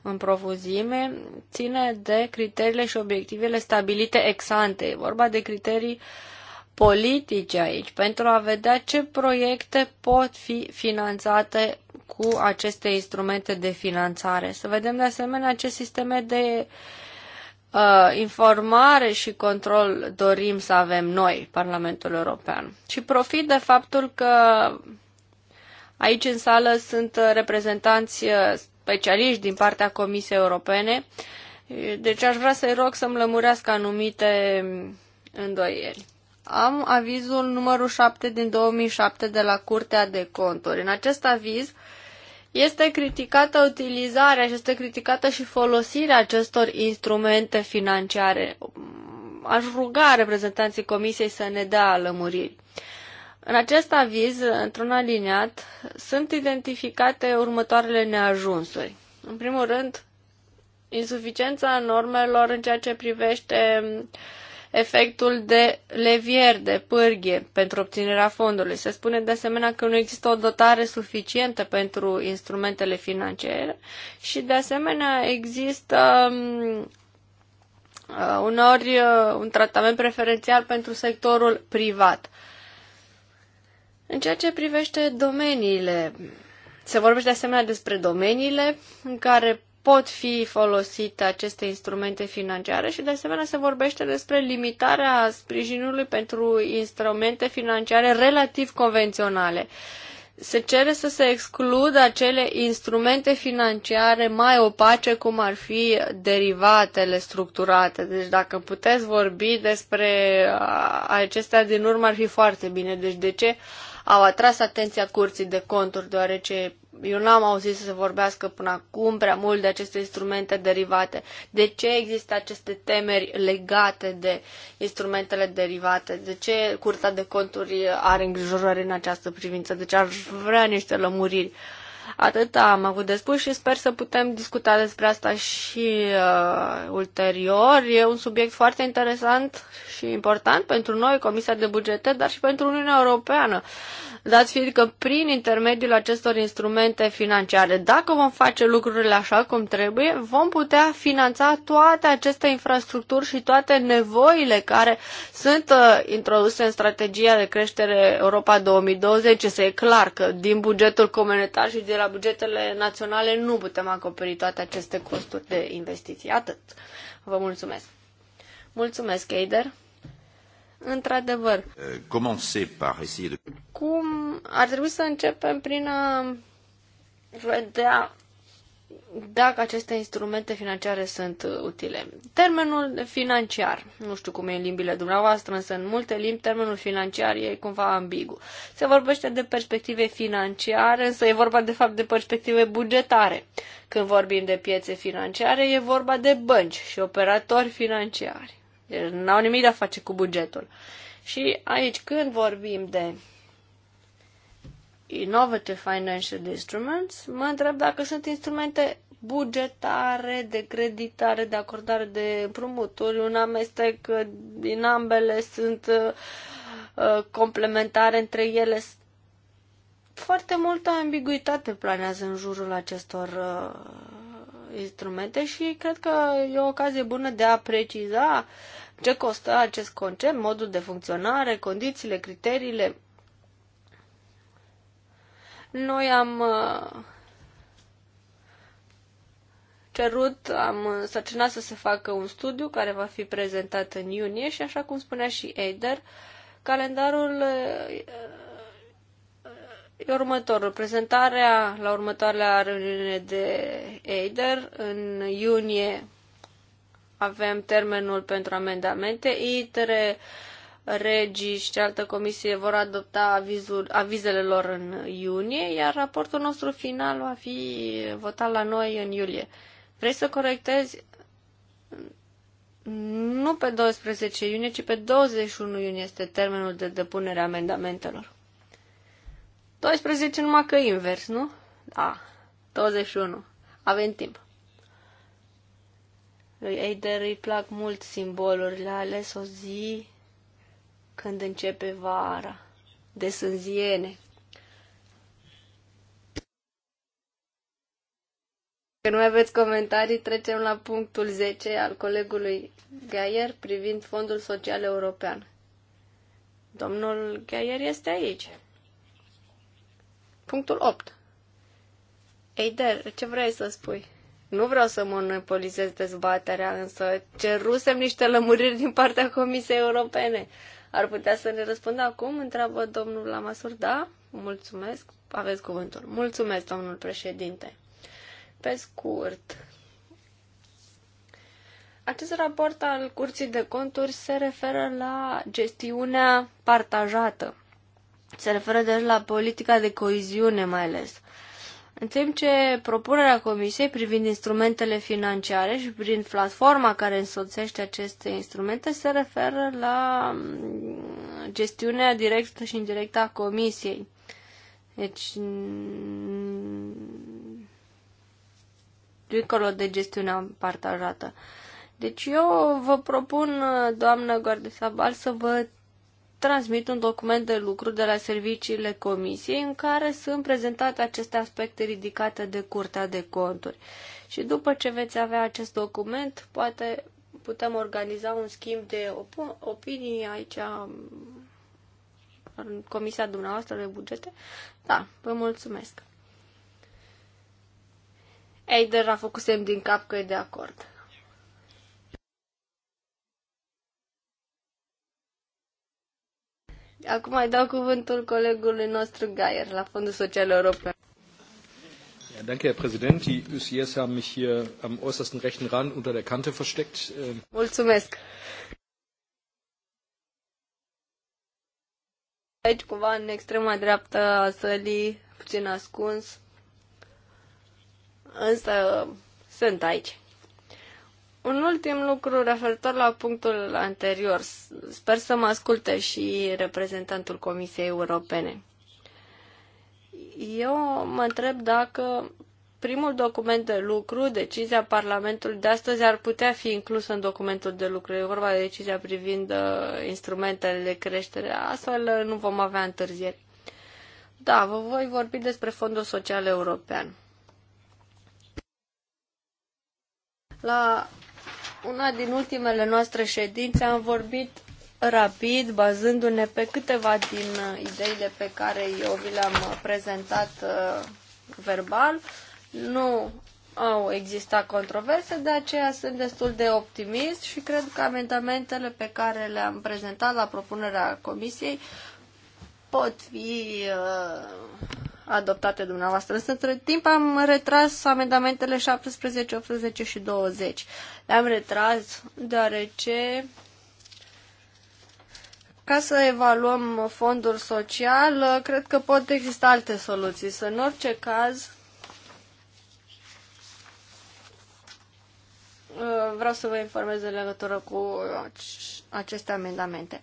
[SPEAKER 3] în profuzime ține de criteriile și obiectivele stabilite ex ante. E vorba de criterii uh, politice aici pentru a vedea ce proiecte pot fi finanțate cu aceste instrumente de finanțare. Să vedem de asemenea ce sisteme de uh, informare și control dorim să avem noi, Parlamentul European. Și profit de faptul că aici în sală sunt reprezentanți uh, specialiști din partea Comisiei Europene, deci aș vrea să-i rog să-mi lămurească anumite mm, îndoieli am avizul numărul 7 din 2007 de la Curtea de Conturi. În acest aviz este criticată utilizarea și este criticată și folosirea acestor instrumente financiare. Aș ruga reprezentanții Comisiei să ne dea lămuriri. În acest aviz, într-un aliniat, sunt identificate următoarele neajunsuri. În primul rând, insuficiența normelor în ceea ce privește uh, efectul de levier, de pârghie pentru obținerea fondului. Se spune de asemenea că nu există o dotare suficientă pentru instrumentele financiare și de asemenea există um, uh, uneori uh, un tratament preferențial pentru sectorul privat. În ceea ce privește domeniile, se vorbește de asemenea despre domeniile în care pot fi folosite aceste instrumente financiare și de asemenea se vorbește despre limitarea sprijinului pentru instrumente financiare relativ convenționale. Se cere să se excludă acele instrumente financiare mai opace cum ar fi derivatele structurate. Deci dacă puteți vorbi despre acestea din urmă ar fi foarte bine. Deci de ce au atras atenția curții de conturi, deoarece eu n-am auzit să se vorbească până acum prea mult de aceste instrumente derivate. De ce există aceste temeri legate de instrumentele derivate? De ce curta de Conturi are îngrijorări în această privință? Deci ar vrea niște lămuriri. Atât am avut de spus și sper să putem discuta despre asta și uh, ulterior. E un subiect foarte interesant și important pentru noi, Comisia de Bugete, dar și pentru Uniunea Europeană dat fiind că prin intermediul acestor instrumente financiare, dacă vom face lucrurile așa cum trebuie, vom putea finanța toate aceste infrastructuri și toate nevoile care sunt uh, introduse în strategia de creștere Europa 2020. Este clar că din bugetul comunitar și de la bugetele naționale nu putem acoperi toate aceste costuri de investiții. Atât. Vă mulțumesc. Mulțumesc, Eider într-adevăr.
[SPEAKER 1] Eh,
[SPEAKER 3] cum ar trebui să începem prin a vedea dacă aceste instrumente financiare sunt uh, utile. Termenul financiar, nu știu cum e în limbile dumneavoastră, însă în multe limbi termenul financiar e cumva ambigu. Se vorbește de perspective financiare, însă e vorba de fapt de perspective bugetare. Când vorbim de piețe financiare, e vorba de bănci și operatori financiari n-au nimic de a face cu bugetul. Și aici, când vorbim de innovative financial instruments, mă întreb dacă sunt instrumente bugetare, de creditare, de acordare de împrumuturi, un amestec din ambele sunt uh, uh complementare între ele. Foarte multă ambiguitate planează în jurul acestor uh, instrumente și cred că e o ocazie bună de a preciza uh, ce costă acest concept, modul de funcționare, condițiile, criteriile. Noi am uh, cerut, am sărcinat să se facă un studiu care va fi prezentat în iunie și așa cum spunea și Eider, calendarul uh, e următorul. Prezentarea la următoarea reuniune de Eider în iunie avem termenul pentru amendamente. ITRE, Regii și altă comisie vor adopta avizul, avizele lor în iunie, iar raportul nostru final va fi votat la noi în iulie. Vrei să corectezi? Nu pe 12 iunie, ci pe 21 iunie este termenul de depunere a amendamentelor. 12 numai că invers, nu? Da, 21. Avem timp. Lui Eider îi plac mult simbolurile, ales o zi când începe vara, de sânziene. Că nu aveți comentarii, trecem la punctul 10 al colegului Gaier privind Fondul Social European. Domnul Gaier este aici. Punctul 8. Eider, ce vrei să spui? Nu vreau să monopolizez dezbaterea, însă cerusem niște lămuriri din partea Comisiei Europene. Ar putea să ne răspundă acum? Întreabă domnul Lamasur. Da? Mulțumesc. Aveți cuvântul. Mulțumesc, domnul președinte. Pe scurt, acest raport al Curții de Conturi se referă la gestiunea partajată. Se referă deci la politica de coiziune, mai ales. Uh, în timp ce propunerea Comisiei privind instrumentele financiare și prin platforma care însoțește aceste instrumente se referă la mm, gestiunea directă și indirectă a Comisiei. Deci, mm, dincolo de gestiunea partajată. Deci eu vă propun, doamnă Gordesabal, să vă transmit un document de lucru de la serviciile comisiei în care sunt prezentate aceste aspecte ridicate de Curtea de Conturi. Și după ce veți avea acest document, poate putem organiza un schimb de op- opinii aici în comisia dumneavoastră de bugete. Da, vă mulțumesc. Eider a făcut semn din cap că e de acord. Acum mai dau cuvântul colegului nostru Gaier la Fondul Social European.
[SPEAKER 1] Ja, danke, Herr Präsident. Die ÖCS haben mich hier am äußersten rechten Rand unter der Kante versteckt.
[SPEAKER 2] Ähm,
[SPEAKER 3] Mulțumesc. Aici, cumva, în extrema dreaptă a sălii, puțin ascuns. Însă, sunt aici. Un ultim lucru referitor la punctul anterior. Sper să mă asculte și reprezentantul Comisiei Europene. Eu mă întreb dacă primul document de lucru, decizia Parlamentului de astăzi, ar putea fi inclus în documentul de lucru. E vorba de decizia privind uh, instrumentele de creștere. Astfel uh, nu vom avea întârzieri. Da, vă voi vorbi despre Fondul Social European. La una din ultimele noastre ședințe am vorbit rapid, bazându-ne pe câteva din uh, ideile pe care eu vi le-am uh, prezentat uh, verbal. Nu au existat controverse, de aceea sunt destul de optimist și cred că amendamentele pe care le-am prezentat la propunerea comisiei pot fi uh, adoptate dumneavoastră. Însă, între timp am retras amendamentele 17, 18 și 20. Le-am retras deoarece ca să evaluăm fondul social, cred că pot exista alte soluții. Să în orice caz, uh, vreau să vă informez în legătură cu aceste amendamente.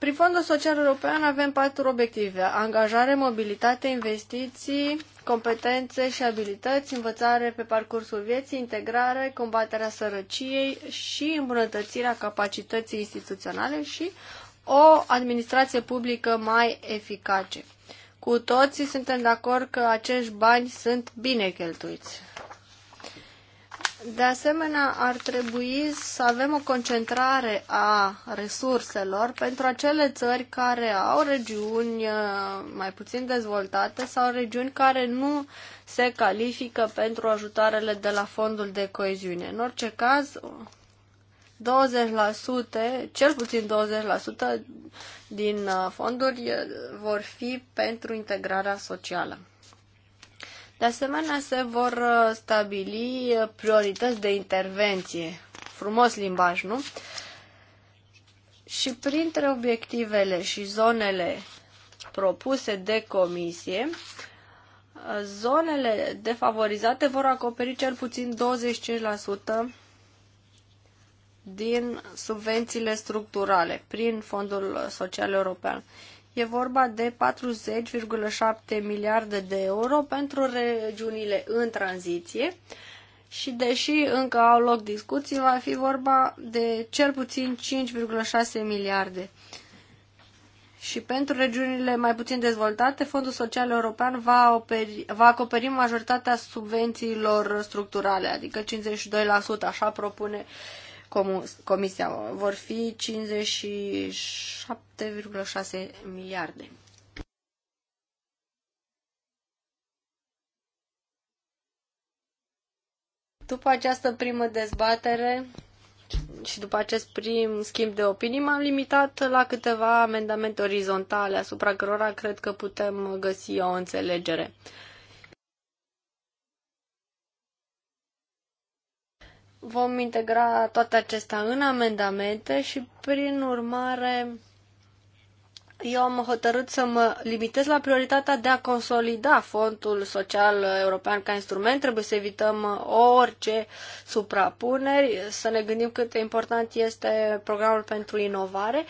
[SPEAKER 3] Prin Fondul Social European avem patru obiective. Angajare, mobilitate, investiții, competențe și abilități, învățare pe parcursul vieții, integrare, combaterea sărăciei și îmbunătățirea capacității instituționale și o administrație publică mai eficace. Cu toții suntem de acord că acești bani sunt bine cheltuiți. De asemenea, ar trebui să avem o concentrare a resurselor pentru acele țări care au regiuni uh, mai puțin dezvoltate sau regiuni care nu se califică pentru ajutoarele de la fondul de coeziune. În orice caz, 20%, cel puțin 20% din uh, fonduri uh, vor fi pentru integrarea socială. De asemenea, se vor uh, stabili uh, priorități de intervenție. Frumos limbaj, nu? Și printre obiectivele și zonele propuse de comisie, uh, zonele defavorizate vor acoperi cel puțin 25% din subvențiile structurale prin Fondul Social European. E vorba de 40,7 miliarde de euro pentru regiunile în tranziție și deși încă au loc discuții, va fi vorba de cel puțin 5,6 miliarde. Și pentru regiunile mai puțin dezvoltate, Fondul Social European va, operi, va acoperi majoritatea subvențiilor structurale, adică 52%, așa propune uh, Comisia. Vor fi 57,6 miliarde. După această primă dezbatere și după acest prim schimb de opinii, m-am limitat la câteva amendamente orizontale asupra cărora cred că putem găsi o înțelegere. vom integra toate acestea în amendamente și, prin urmare, eu am hotărât să mă limitez la prioritatea de a consolida Fondul Social European ca instrument. Trebuie să evităm orice suprapuneri, să ne gândim cât de important este programul pentru inovare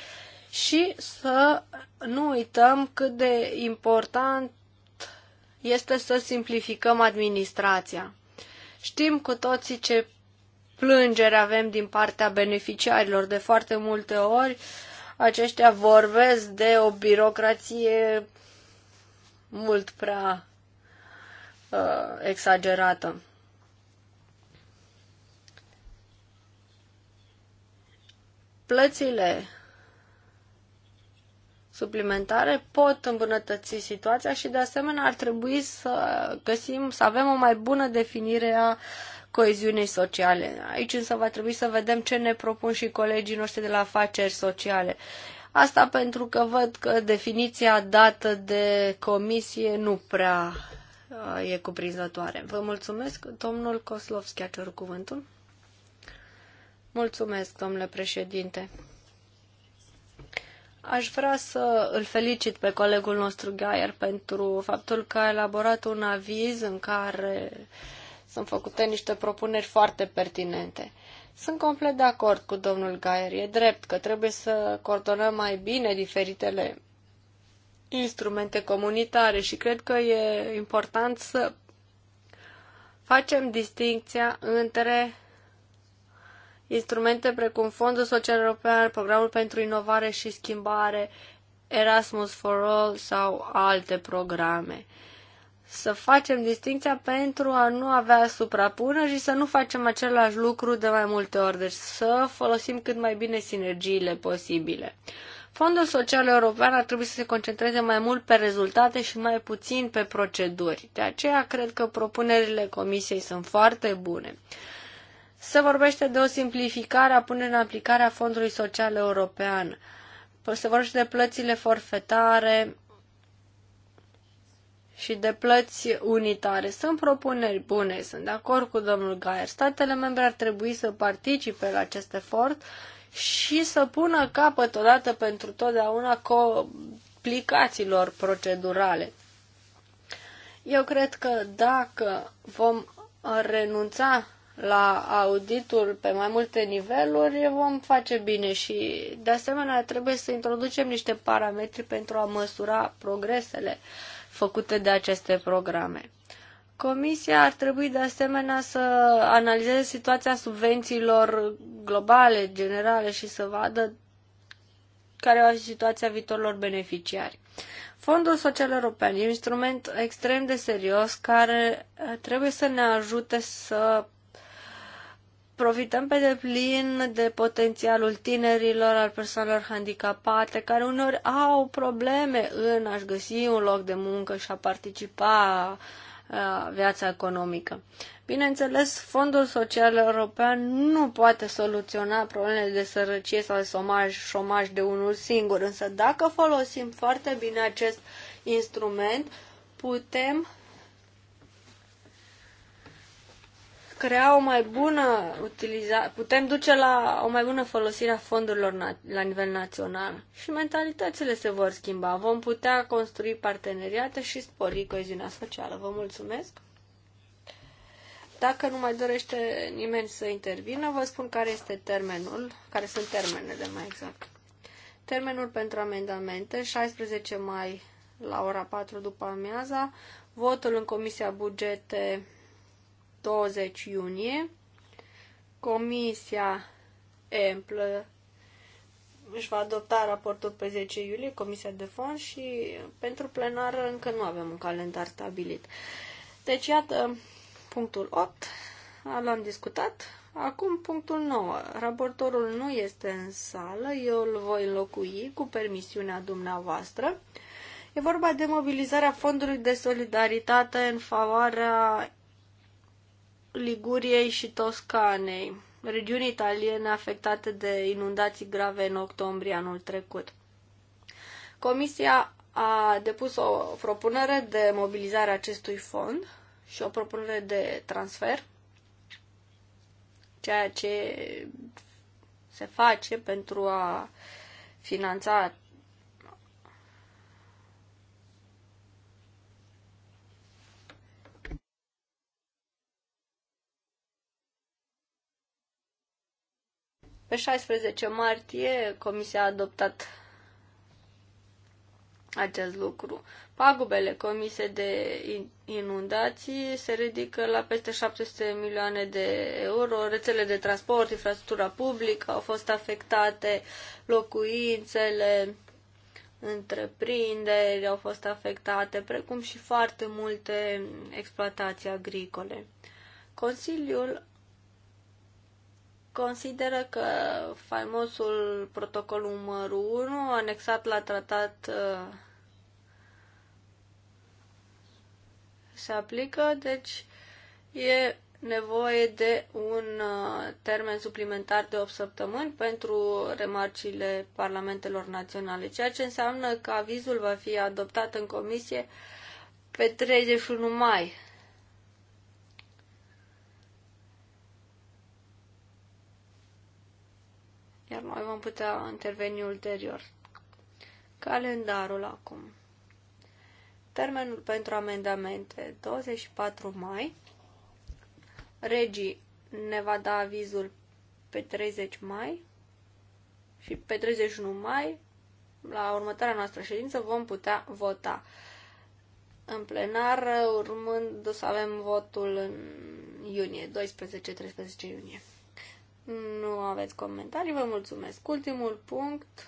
[SPEAKER 3] și să nu uităm cât de important este să simplificăm administrația. Știm cu toții ce plângeri avem din partea beneficiarilor. De foarte multe ori aceștia vorbesc de o birocrație mult prea uh, exagerată. Plățile suplimentare pot îmbunătăți situația și de asemenea ar trebui să găsim, să avem o mai bună definire a coeziunii sociale. Aici însă va trebui să vedem ce ne propun și colegii noștri de la afaceri sociale. Asta pentru că văd că definiția dată de comisie nu prea uh, e cuprinzătoare. Vă mulțumesc. Domnul Koslovski a cerut cuvântul. Mulțumesc, domnule președinte. Aș vrea să îl felicit pe colegul nostru Gaier pentru faptul că a elaborat un aviz în care uh, sunt făcute niște propuneri foarte pertinente. Sunt complet de acord cu domnul Gaier. E drept că trebuie să coordonăm mai bine diferitele instrumente comunitare și cred că e important să facem distinția între instrumente precum Fondul Social European, Programul pentru Inovare și Schimbare, Erasmus for All sau alte programe să facem distinția pentru a nu avea suprapună și să nu facem același lucru de mai multe ori, deci să folosim cât mai bine sinergiile posibile. Fondul Social European ar trebui să se concentreze mai mult pe rezultate și mai puțin pe proceduri. De aceea cred că propunerile Comisiei sunt foarte bune. Se vorbește de o simplificare a punerii în aplicare a Fondului Social European. Se vorbește de plățile forfetare, și de plăți unitare. Sunt propuneri bune, sunt de acord cu domnul Gaier. Statele membre ar trebui să participe la acest efort și să pună capăt odată pentru totdeauna complicațiilor procedurale. Eu cred că dacă vom renunța la auditul pe mai multe niveluri, vom face bine și, de asemenea, trebuie să introducem niște parametri pentru a măsura progresele uh, făcute de aceste programe. Comisia ar trebui de asemenea să analizeze situația subvențiilor globale, generale și să vadă care va fi situația viitorilor beneficiari. Fondul Social European e un instrument extrem de serios care trebuie să ne ajute să profităm pe deplin de potențialul tinerilor, al persoanelor handicapate, care uneori au probleme în a-și găsi un loc de muncă și a participa uh, viața economică. Bineînțeles, Fondul Social European nu poate soluționa problemele de sărăcie sau de somaj, șomaj de unul singur, însă dacă folosim foarte bine acest instrument, putem crea o mai bună utilizare, putem duce la o mai bună folosire a fondurilor la nivel național și mentalitățile se vor schimba. Vom putea construi parteneriate și spori coeziunea socială. Vă mulțumesc! Dacă nu mai dorește nimeni să intervină, vă spun care este termenul, care sunt termenele mai exact. Termenul pentru amendamente, 16 mai la ora 4 după amiaza, votul în Comisia Bugete 20 iunie. Comisia Emplă își va adopta raportul pe 10 iulie, Comisia de Fond și pentru plenară încă nu avem un calendar stabilit. Deci, iată, punctul 8 l-am discutat. Acum punctul 9. Raportorul nu este în sală, eu îl voi înlocui cu permisiunea dumneavoastră. E vorba de mobilizarea Fondului de Solidaritate în favoarea Liguriei și Toscanei, regiuni italiene afectate de inundații grave în octombrie anul trecut. Comisia a depus o propunere de mobilizare a acestui fond și o propunere de transfer, ceea ce se face pentru a finanța Pe 16 martie, Comisia a adoptat acest lucru. Pagubele comise de inundații se ridică la peste 700 milioane de euro. Rețele de transport, infrastructura publică au fost afectate, locuințele, întreprinderi au fost afectate, precum și foarte multe exploatații agricole. Consiliul consideră că faimosul protocol numărul 1, anexat la tratat, uh, se aplică, deci e nevoie de un uh, termen suplimentar de 8 săptămâni pentru remarcile parlamentelor naționale, ceea ce înseamnă că avizul va fi adoptat în comisie pe 31 mai iar noi vom putea interveni ulterior. Calendarul acum. Termenul pentru amendamente 24 mai. Regii ne va da avizul pe 30 mai și pe 31 mai, la următoarea noastră ședință, vom putea vota. În plenar, urmând să avem votul în iunie, 12-13 iunie. Nu aveți comentarii, vă mulțumesc. Ultimul punct,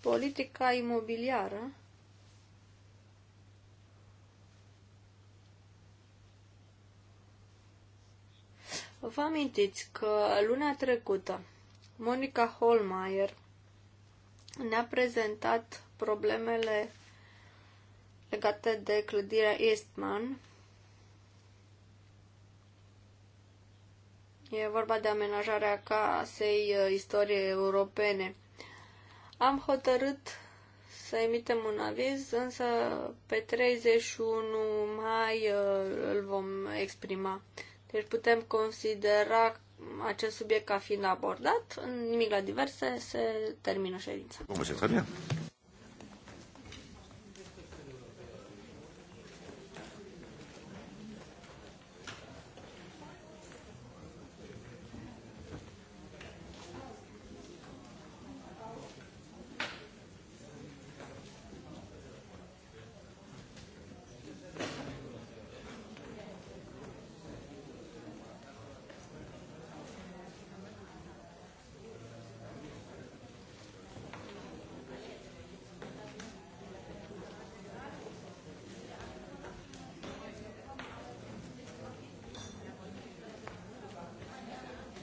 [SPEAKER 3] politica imobiliară. Vă amintiți că luna trecută Monica Holmeier ne-a prezentat problemele legate de clădirea Eastman E vorba de amenajarea casei uh, istoriei europene. Am hotărât să emitem un aviz, însă pe 31 mai uh, îl vom exprima. Deci putem considera acest subiect ca fiind abordat, nimic la diverse, se termină ședința.